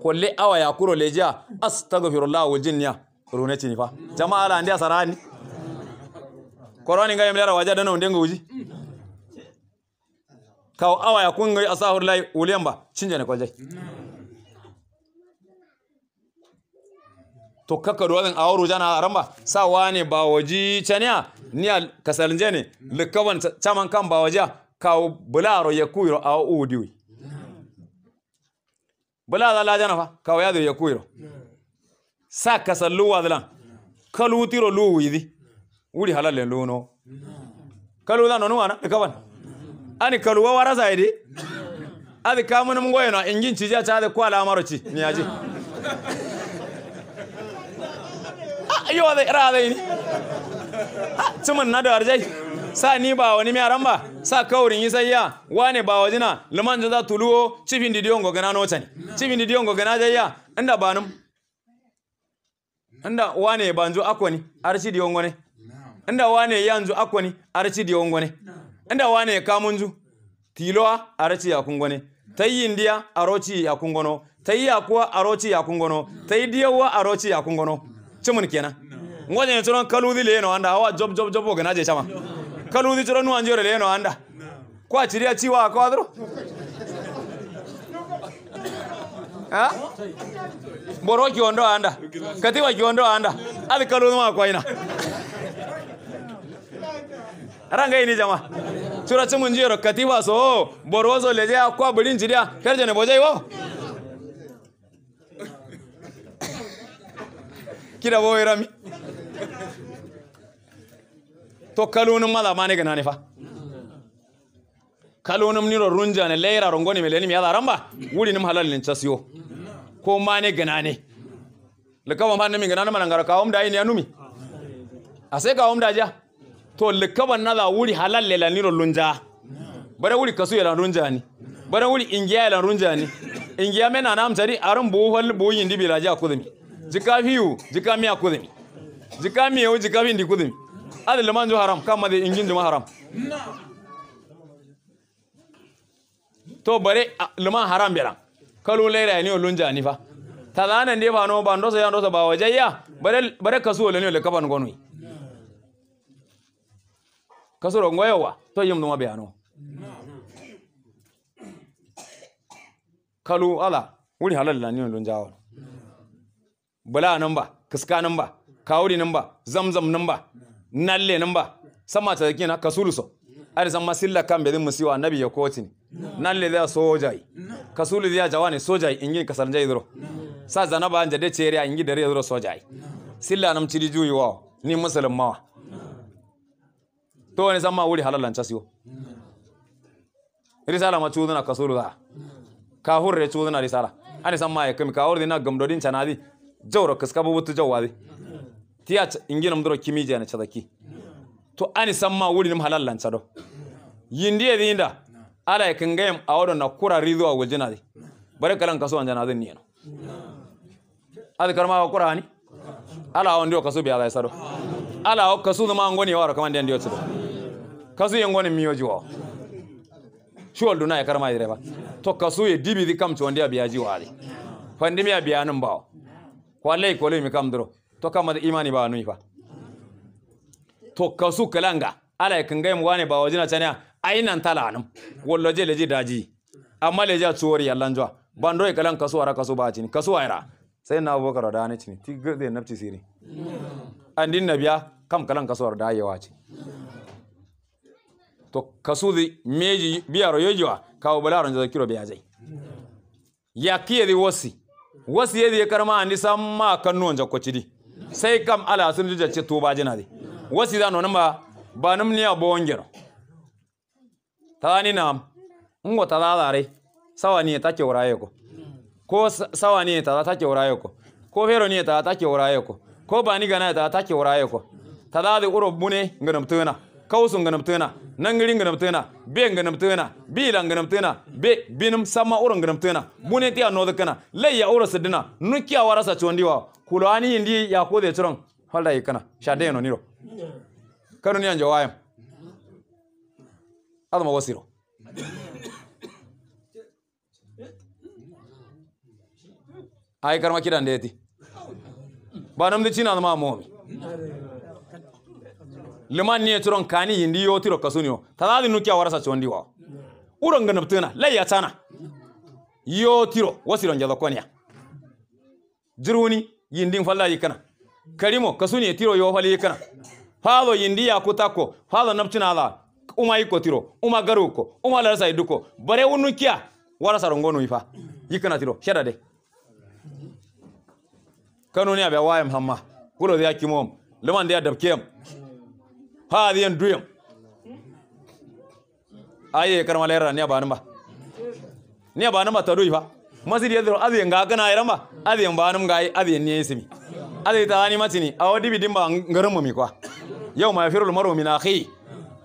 kolle awa ya kuro lejiya astaghfirullah wal jinniya rune ci ni fa jama'a ala ndi sarani koroni ngai mlara waja dana undengo uji kaw awa ya kunga asahur lai ulemba ne kwaljai to kakka duwazin awuru jana aramba sa wani ba waji chania niya kasalinje ne likawan chaman kan ba waja kaw bularo yakuiro a udiwi bula za jana fa kaw yado yakuiro sa kasalluwa dalan kalutiro widi. wuri halalen no kalu za no e wana kaban ani kalu wa wara saidi adi kamun mun goyeno ingin ci ja ta da kwa la maro ni aji ah yo da ira da ni ah tumun na da arjai sa ni ba wani mi aramba sa kaurin yi sayya wane ba wajina liman za tuluwo cifin didiyon go gana nocan cifin didiyon go gana jayya inda banum inda wane banjo akwani arci diyon gone Inda wane yanzu akwani arci diya wangwane inda wane nzu tiloa arci ya kungwane tayi india aroci ya kungono tayi akwa aroci ya Ta tayi diyawa aroci ya kungono cimun kenan ngoje ne tsoron kaludi le no anda hawa job job job ganaje chama kaludi tsoron nu anjore le no anda kwa chiria chiwa kwa dro ha boro ki ondo anda katiwa ki ondo anda Adi kaludi ma kwa ina ranga ini jama chura chumun jiro katiba so borwozo leje akwa bidin jiria kerje ne bojai wo kida wo irami to kalunum mala mane gana ne fa kalunum niro runja ne leira rongoni meleni miya ramba wuri nim halal ne chasiyo ko mane gana ne lakawa mane mi gana ne manangara kawum da ini anumi ase kawum da ja to likaban naza wuri halal lela niro lunja bare wuri kasu yela runja ni bare wuri ingiya yela runja ni ingiya mena nam tari aran bo hol bo yindi bilaja kudimi jika fiu jika miya kudimi jika miya o jika bindi kudimi adal manjo haram kama de ingin juma haram to bare luma haram bela kalu lera ni lunja ni fa tadana ne ba no ba ndosa ya ndosa ba wajayya bare bare kasu wala ne le kaban gonoi kasoro ngoyowa to yim no bayano kalu ala wuri halal la nuna don jawo bala nan ba kiska nan ba kawuri nan ba zamzam nan ba nalle nan ba sama ta kina kasulu so ari sama silla kan bedin musiwa annabi ya koti ne nalle da sojai kasulu da jawani sojai ingi kasanjai dro sa zanaba anje de ceri ingi dare dro sojai silla nam ciri juyi wa ni musulmawa to ne ma wuri halal lanca siyo risala ma chuduna kasulu da ka hurre na risala ani ma ya kimi ka hurre na gamdodin chanadi jawro kaska bubutu jawadi tiya ingina kimi jana na chadaki to ani ma wuri nim halal lanca do yindiye da, ala yakin gayam awodo na kura a ridwa wajinadi bare kalan kaso anja ni niyano adi karma wa kura ani ala on dio kaso bi ala isado ala o kaso ma ngoni waro kamande ndio chido kasu miyo jiwa shuwal duna karma direba to kasu ye dibi di kam chondi biyaji wali fandi mi abiyanum bawo kwalai kwalai mi kam duro to kama da imani ba nui fa to kasu kalanga ala kan gaim wani ba wajina tanya ainan talanum Wala je leji daji amma leji a tsuwari yallan jwa bando e kalan kasu ara kasu ba cin kasu ayra sai na abubakar da ne cin ti gade nafci siri andin biya kam kalan kasu ar da yawa ce to kasudi meji biyaro yojiwa kawo balaron da kiro biya zai ya kiye di wasi wasi yedi karma andi samma nuwan onja kochidi sai kam ala sun jija ce to bajina di wasi da nonan ba ba nam niya bo wongero tani nam ngo ta da dare sawa ni ta ke wuraye ko ko sawa ya ta ta ke wuraye ko ko fero ni ta ta ke wuraye ko ko ba ni gana ta ta ke wuraye ko ta da uro bune nganam tuna kawsun ganam tena nangiri ganam tena be ganam tena bila ganam tena be binum sama uran ganam tena mune tiya no kana lai ya ura sidina nukiya wara sa chondi wa kulani indi ya ko de chron hala ikana shade no niro kanu ni anjo wayam adama wasiro ai karma kidan deti banam de china ma momi liman ni turon kani yindi yo tiro kasunio tadadi nukia warasa chondi wao uro ngana mtena lai atana yo tiro wasiro njado konya jiruni yindi falla yikana karimo kasuniyo tiro yo fali yikana falo yindi ya kutako falo nabtuna ala uma yiko tiro uma garuko uma larasa iduko bare unukia warasa rongono ifa yikana tiro shadade kanuni abe wayam hamma kulo ya kimom liman da ya dabkem haadiyan duyam aye karma lera ni ba ni duyi ba fa masiri yadro aziyan ga kana ba aziyan banum ga aziyan ni simi aziyan ta ne a wadi bidin ba garin mu mi kwa yau ma yafirul maru min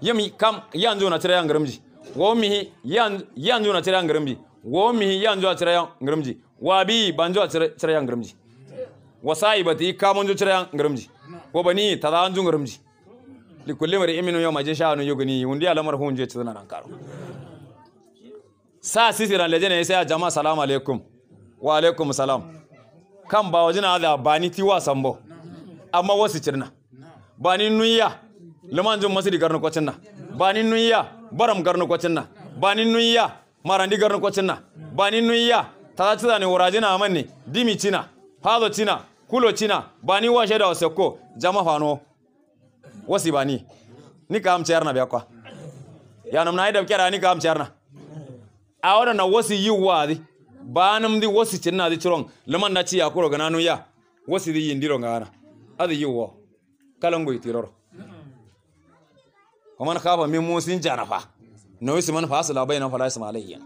ya mi kam yanzu na cire yan garin yangarimji wo mihi yanzu na cire yan garin yangarimji wo mihi yanzu a garin ji wa bi banjo a garin ji wa sai yi kamun jo tira yangarimji wa bani tadanju ji. li kulli mar'in minhum yawma jin sha'anu yugni wundi alamar hun je tsana nan karo sa sisira lejene sai a jama'a salamu alaikum wa alaikum salam kan ba wajina da bani tiwa sambo amma wasu cirna bani nuyya liman jin masiri garnu kwacin na bani nuyya baram garnu kwacin na bani nuya marandi garnu kwacin na bani nuyya ta ci zane wurajina amanni dimi cina fazo cina kulo cina bani washe da wasekko jama fano wasi ba ni ni ka am na biya kwa ya nam na idam kera ni ka am na a wada na wasi yi ba nam di wasi na di churong laman na ci ya kuro gananu ya wasi di yindiro ngana adi yi wo kalango itiroro waman kafa min musin janafa na wisi man fasila bayna fala isma alayya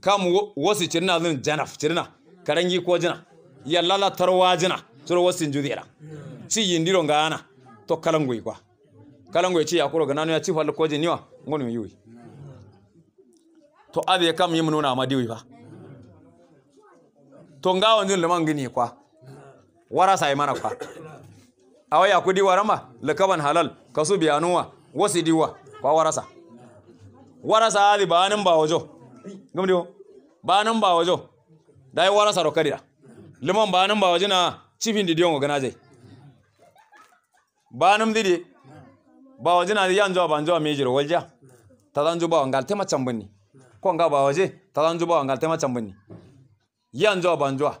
kam wasi na zin janaf na karangi ko jina yallala tarwa jina sura wasin judira ci ga ngana to yi kwa yi ci yakuro ga nanu ya ci fal koji niwa ngon mi yui to abe kam yim nuna amadiwi diwi fa to nga wonjin leman gini kwa wara sai mana kwa awaya kudi warama lakaban halal kasu biyanuwa wasi diwa kwa warasa warasa ali banin ba wajo gamdi wo banin ba wajo dai warasa rokadira liman banin ba wajo na cifin didiyon gana naje banumdidi waje na yanjo banjo mejiro walja tadanju bawa ngal tema chambani ko nga ta tadanju bawa ngal tema chambani yanjo banjo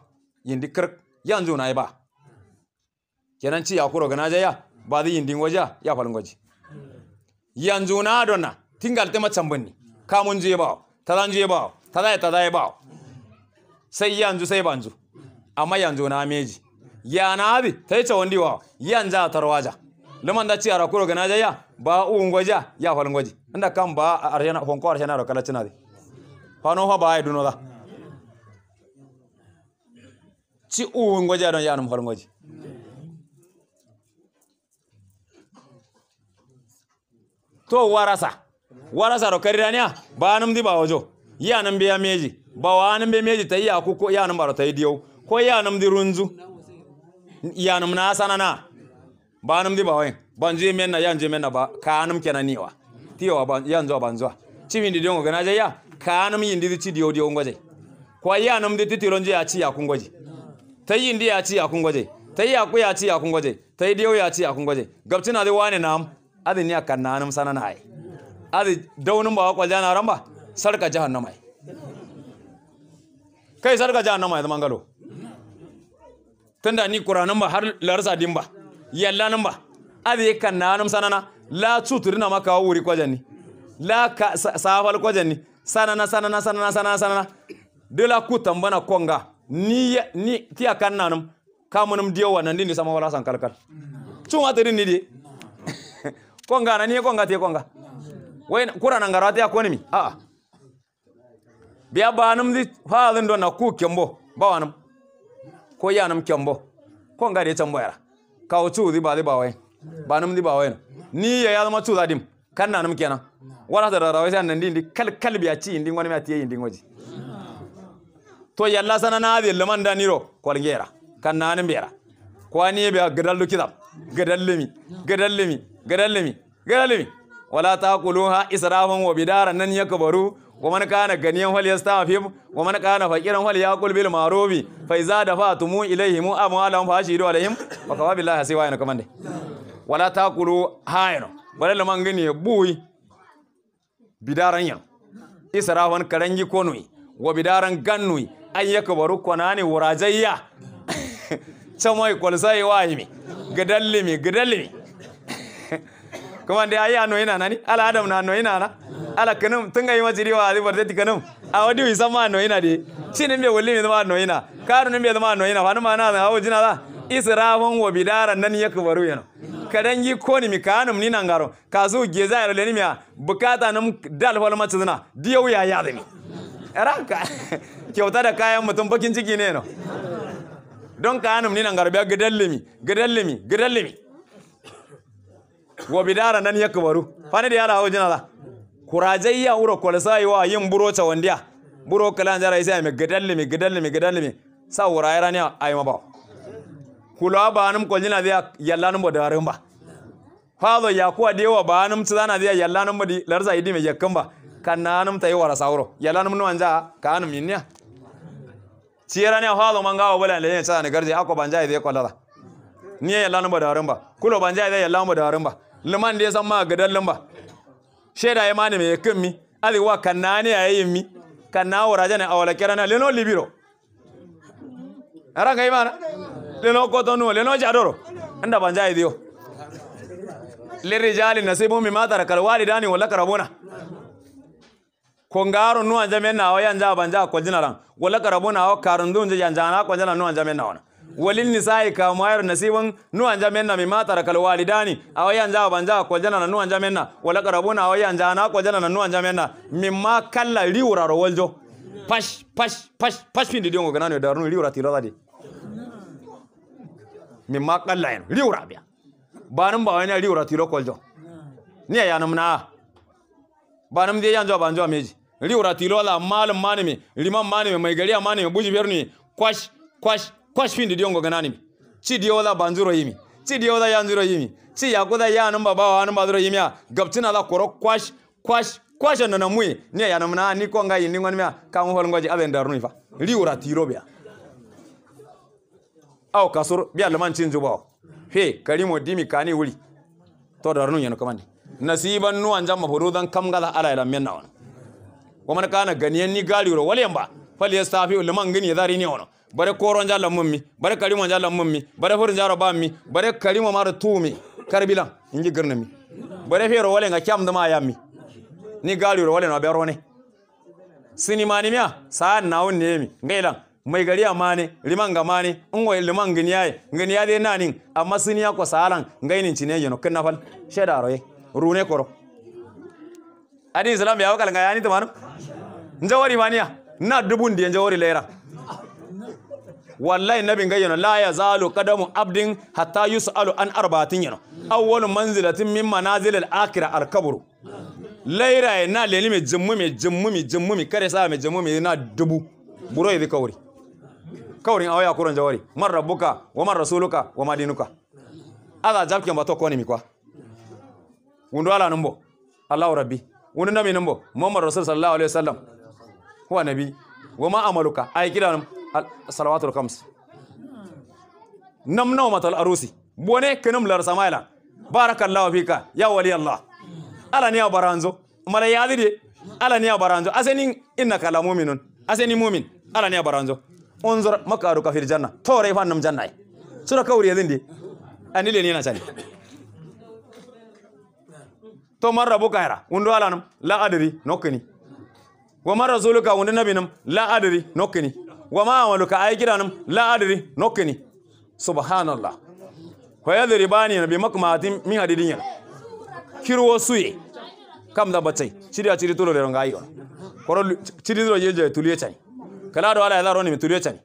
yindi kirk yanjo na ba kenan ci yakuro gana jaya ba da yindin waja ya falin gwaji yanzu na dona tingal tema chambani kamun je bawa ta bawa ta tadai ba sai yanzu sai banju amma yanzu na meji yana abi taicha wandiwa yanja tarwaja leman da ci kuro gana ya ba gwaji ya gwaji inda kan ba a hanko arjana da kala cinadi fano ha ba duno da ci gwaji don falin gwaji to warasa warasa ro karirania ba num di ba wajo yanin biya meji ba wa nan biya meji tayi akuko da ta yi diyo ko yanin di runzu yanum na sanana num di ban banzu men na yanzu men na ba kanum kenan niwa tiwa ban zo banzu chimin di dongo gana ya kanum yin di chi dio dio ngoje kwa yanum di titironje ya chi ya kungoje yin di ya chi ya kungoje tai ya ku ya chi ya kungoje tayi dio ya chi ya kungoje gabtina di wane nam adi ni akananum sanana ai adi daunum ba kwa jana ramba sarka ai kai sarka jahannamai zaman galo tunda ni qur'anan ba har larsa din ba yalla nan ba ade kan na nan sanana la tutrina maka wuri kwajani la ka safal kwajani sanana sanana sanana sanana sanana de la ku tambana konga ni ni tiya kan ka munum diyo wannan din sama wala san kalkal tun wata din ni di konga na ni konga te konga wai qur'anan garata ya koni mi a a biya banum di fadin don na ku kembo ba wannan ko yanam kyambo ko ngade tambayara kawo cuudi baadi bawen banum di bawen ni ya ya yadama cuuda dim kan nanum kenan wala da rarawai sai nan dindi kal kal a ci indi ngoni ma tiye indi ngoji to yalla sana na de leman da niro kolngera kan nanum bera ko ni biya gadallu kitab gadallimi gadallimi gadallimi gadallimi wala ha israfan wa bidaran nan yakbaru wa man kana ganiyan fal yastafim wa man kana faqiran fal yaqul bil ma'rufi fa iza dafa'tum ilayhim amwalahum fa ashidu alaihim wa kafa billahi hasiba yana kamande wala taqulu hayno wala laman gani buyi bidaran yan israfan karangi konui wa bidaran gannui an yakbaru konani wurajayya chamoi kolsai wahimi gadallimi gadallimi kuma dai ayi ano ina nani ala adam na ano ina na ala kanum ga yi riwa a zubar zai kanum a wadi wi ma no ina de shi ne mai wulli mai zama no ina karu ne mai zama no ina ma na zan hawo jina da israfun wa bidaran nan baro yana kadan yi ko ni mi kanum ni nan garo kazu geza ya leni miya bukata nan dal wal macizna diyau ya ya da ranka kyauta da kayan mutum bakin ciki ne no don kanum ni nan garo biya gadallimi gidan gadallimi wa bidara nan yakbaru fani da yara hawo jina la. kurajai ya wuro kolsa yiwa yin buro ta wandiya buro kalan jara isa mai gidalli mi gidalli mi gidalli mi sa wura yara ne ayi ba kula ba anum koljina yalla yallanum bo darin ba fado ya kuwa dewa ba anum tsana dia yallanum bo di larza idi mi yakkan ba kannanum tayi wara sawro yallanum nu anja ka anum yinya ciyara ne fado manga wa bala le tsana garje akwa banja ide kollara ni yalla bo darin ba kulo banja ide yalla bo darin ba liman da ya san ma gadallin ba sheda e mane me kemmi ali wa kannani a yimmi kanna wora jane awala kerana leno libiro aranga imana leno kotonu leno jadoro anda banja idio lirijali nasibu mimma tarakal walidani wala karabuna kongaro nuwa jamen na o yanja banja ko jinaran wala karabuna o karundun janja na ko jana nuwa jamen na ona walin ni sai ka mayar nasiban nu anja menna mi mata rakal walidani awai anja banja ko jana nu anja menna wala karabuna awai anja na ko jana nu anja menna mimma kalla riwra ro waljo pash pash pash pash pindi dongo ganano ti riwra tiradadi mimma kalla en riwra biya banum ba wani riwra tiro koljo ni ya namna banum de yanjo banjo meji riwra tiro la malum manimi liman manimi mai gari mai buji berni kwash kwash kwa shindi diongo gananimi chi diola banzuro yimi chi diola yanzuro yimi ci yakuda baba wa anum baduro yimi gabtina la koro kwash kwash kwash nana mui ne namna ni ko ngai ni ngonmya kamu hol ngoji aben darnu ifa liura tirobia au kasur biya laman cinzu bawo he karimo dimi kani wuli to darnu yano kamani nasiban nu anjam mafurudan kam gala ala ila menna on kana ganiyan ni galiuro waliyamba fal yastafi ulman gani yadari ni ono bare koron jala mummi bare karimo jala mummi bare furin jaro ba mi bare karimo mara tumi karbila inji garna mi bare fero wale nga kyam dama ya mi ni gari wale na bero ne sini mani miya sa na won ne mi ngailan mai gari amma ne liman ga in ngo liman gani yaye gani ya dai nanin amma sini ya ko salan ngainin cine yano kin nafal sheda roye rune koro adi islam ya wakal ga yani tamanu njawari maniya na dubun diyan njawari lera wallahi ga yana la ya zalu qadamu abdin hatta yus'alu an arbatin yana awwalu manzilatin min al akhirah al-qabr laira e na leni me jimmu me jimmu me jimmu me kare sa me jimmu me na dubu buro yi kauri kaurin awaya kuran jawari man rabbuka wa man rasuluka wa madinuka ala jalkin mato koni mi kwa wundu ala numbo allah rabbi wundu nami numbo muhammad rasul sallallahu alaihi wasallam huwa nabi wa ma amaluka ay kidan salawatul khams nam naw matal arusi bone kenum lar samaila barakallahu fika ya wali allah ala baranzo mala ala baranzo aseni innaka la mu'minun aseni mu'min ala baranzo unzur makaru kafir janna fan nam sura kawri ni na to rabu la adri wa rasuluka la adri wa ma amaluka ay kidanum la adri nokni subhanallah ko yadri bani nabi makmatin min hadidin yana kirwo suye kam da batai ciri a ciri tulo da ronga ayo cidi ciri je je tuliye tai kala da wala ya zaro ne tuliye tai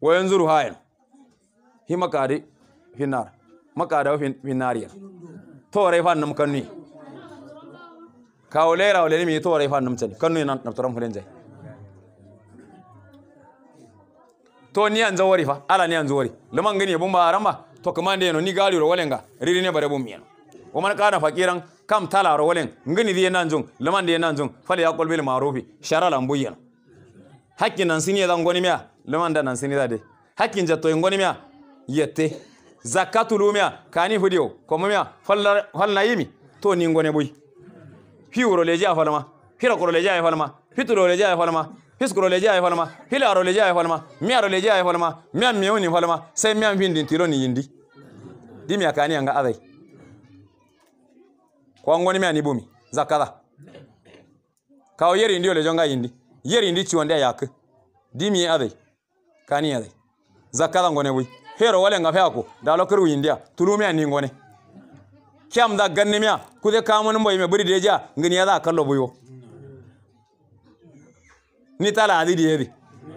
wa yanzuru hayan hi makari hinar makada hinariya rai fa nan kanni kawlera wala ni mi rai fa nan tani kanni nan da turan hulen jai to ni yanzu wari fa ala ni yanzu wari laman gani ya bumba aramba to kamande yano ni gari ro walenga riri ne bare bummi yano o man kana fakiran kam tala ro walen ngani di nan jung laman di nan jung fal ya qalbil marufi shara lambu yano hakkin nan sini zan goni miya laman da nan sini da de hakkin jatto ngoni miya yete zakatu lumiya kani fudiyo ko miya fal fal nayimi to ni ngone boy fiwro leji fi ro ko leji afalma fitro leji falma. hiskuroleje ay holma hilaroleje ay holma miyaroleje ay holma miyan miyuni holma sai miyan vindin tiro ni yindi dimi akani anga adai kwangoni miani bumi zakada kawo yeri ndio lejonga yindi yeri ndi chiwonde yak dimi adai kani adai zakada ngone wi hero wale ngafe ako dalo kiru india tulumi ani ngone kyam da ganni miya kude kamun mboy me buri deja ngini ada kallo buyo ni tala azidi yebi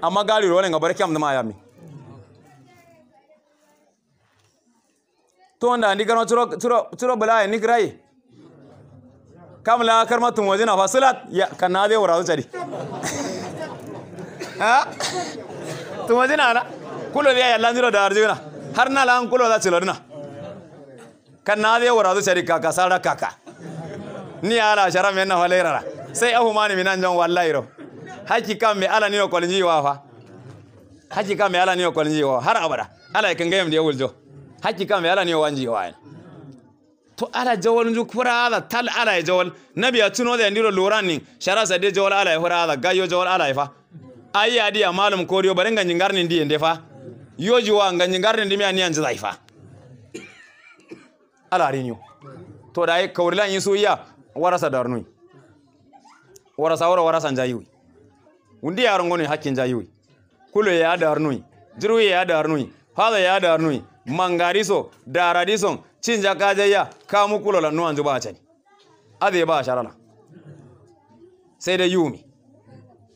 amma gari ne nga barke kyam da yami to nda ni gano turo turo turo bala ni grai kam la karma tum na fasilat ya kanade wara zari ha tum wajina na kulo biya yalla ndiro da arjuna har na la kulo da na kanade wara zari kaka sara kaka ni ala sharam yana walairara sai ahumani minan jan wallahi ro haki kam me ala niyo kol jiwa fa haki kam me ala niyo kol jiwa har abada ala e kan gayam da wuljo haki kam me ala niyo wanji wa to ala jawal ju kura ala tal ala e jawal nabi ya tuno da ndiro loran ni shara sa de jawal ala e hura ala gayo jawal ala fa ayi adiya malum koriyo barenga nyingarni ndiye ndefa yoji wa nga nyingarni ndimi ani anja zaifa ala rinyo to da ai kawrilan yisu iya warasa darnui warasa wara warasa njayiwi undi yarongonoi hakin yuy kulo ya da darnui jiru ya da darnui fado ya da darnui mangariso daradiso cinja ya? kamu kulola nuwanju bacani ade ba sharala sai da yumi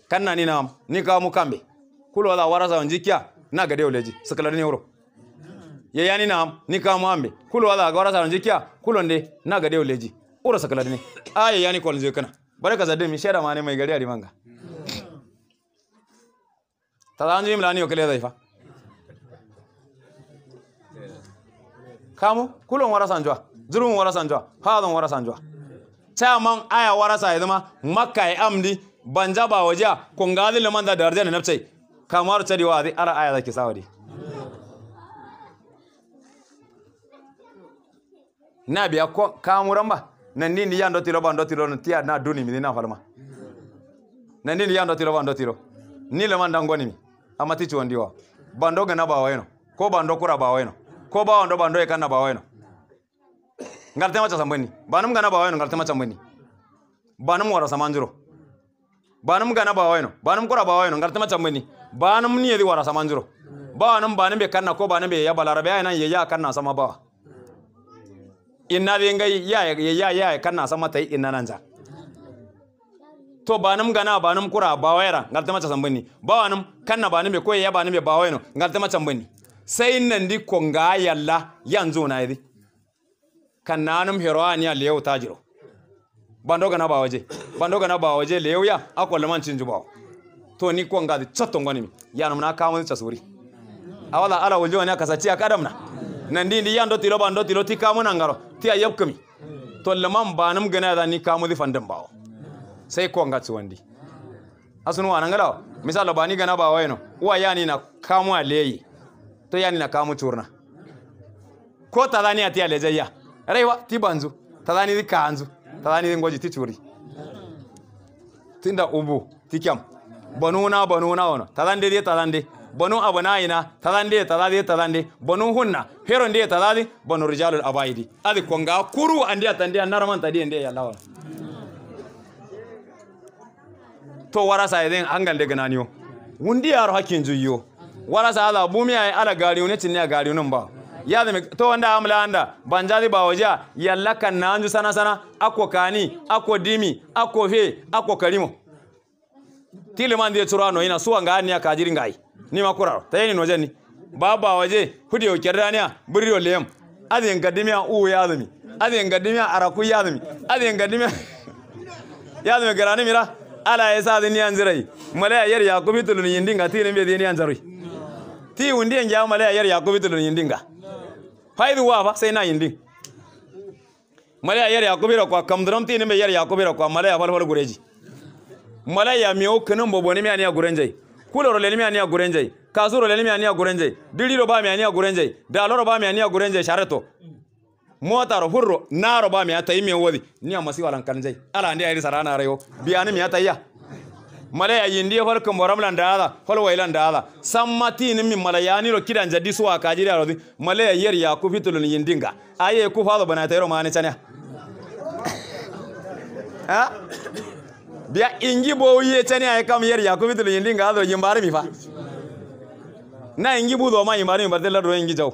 kanna ni nam ni kamu kambe kulola warasa onjikia na gade oleji ni euro ye yani nam ni kamu ambe kulola warasa onjikia kulonde na gade oleji sakala ni aye yani kolje kana ka baraka shaida sheda mane mai gari ari manga tadhanjiri mlaani okele dhaifa kamu kulon wara sanjwa zurun wara sanjwa hadon wara sanjwa chaman aya wara sa makka makkai amdi banja ba waja kungali liman da darje ne nafsai kamar tsari wa ara aya zaki sawadi na biya ko kamuran ba nan din ya ndo tiro ba ndo tiya na duni mi na falma nan din ya ndo tiro ba ndo tiro ni liman dangoni mi amati chiondiwa bando gana baweno ko bando kura baweno ko ba bawando bando ekana baweno ngaltema cha sambweni banum gana baweno ngaltema cha mbweni banum wara samanjuro banum gana baweno banum kura baweno ngaltema cha mbweni banum ni yedi wara samanjuro banum banum be kanna ko banum be ya balarabe ayana ye ya kanna sama ba inna de ngai ya ya ya kanna sama tai inna nanja to banam gana banam kura bawera ngal tema chasambani bawanam kanna banam ko ya banam baweno ngal tema chambani sai nan di ko nga yalla yanzu na yi kannanum heroani leo tajiro bando gana bawaje bando gana bawaje leo ya akola man cinju bawo to ni ko nga di chatto ngani mi yanum na kawo chasuri awala ala wuljo ne akasati akadamna nan di ndi yando tilo bando tilo ti kamu nangaro ti ayabkami to lamam banam gana da ni kamu di fandam bawo sai ko ngatsu wandi asunu anangala misala bani gana ba wayno wa yani na kamu alei to yani na kamu turna ko tadhani ati alejaya rewa tibanzu di kanzu di ngoji tituri tinda ubu tikyam banuna banuna wono tadhande de tadhande banu abana abanaina tadhande tadhade tadhande banu hunna hero ndiye tadhadi banu rijalul abaidi adi konga kuru andiya tandiya naraman tadiye ndiye yalawa to warasa yeden hangal de gananiyo wundi yaro hakin juyo warasa ala bumi ay ala gariyo ne tinne gariyo nan ba ya zame to wanda amla anda banjali ba waja yalla kan nanju sana sana akko kani akko dimi akko fe akko karimo tiliman de turano ina suwa ngani ya kajiri ngai ni makura tayeni ni, baba waje hudi o kerdania buryo lem adin gadimiya u ya zami adin gadimiya araku ya zami adin gadimiya ya zami garani mira ala ya sa zini anzirai malaya yar yakubi tulun yindinga ti lembe zini anzarui ti wundi en jaw malaya yar yakubi tulun yindinga faidu wa fa sai na yindin malaya yar yakubi ra kwa kam drum ti lembe yar yakubi ra kwa malaya fal fal gureji malaya mi o kanum bobo ne mi ania gurenjai kuloro le mi ania gurenjai kasuro ne mi ania gurenjai diriro ba mi ania gurenjai daloro ba mi ania gurenjai shareto motaro hurro naro ba mi imi wodi ni amasi walan kanjai ala ndi ayri sarana rayo bi ani mi ata ya malaya yindi hol ko moramlan daada hol waylan daada sammati ni mi malaya ni ro kidan jadi suwa kajiri aro malaya yer ya ku fitulun yindinga aye ku faado bana tayro mane chane ha biya ingi bo ye chane ay kam yer ya ku fitulun yindinga ado yimbare mi fa na ingi bu do ma yimbare mi bardela do ingi jaw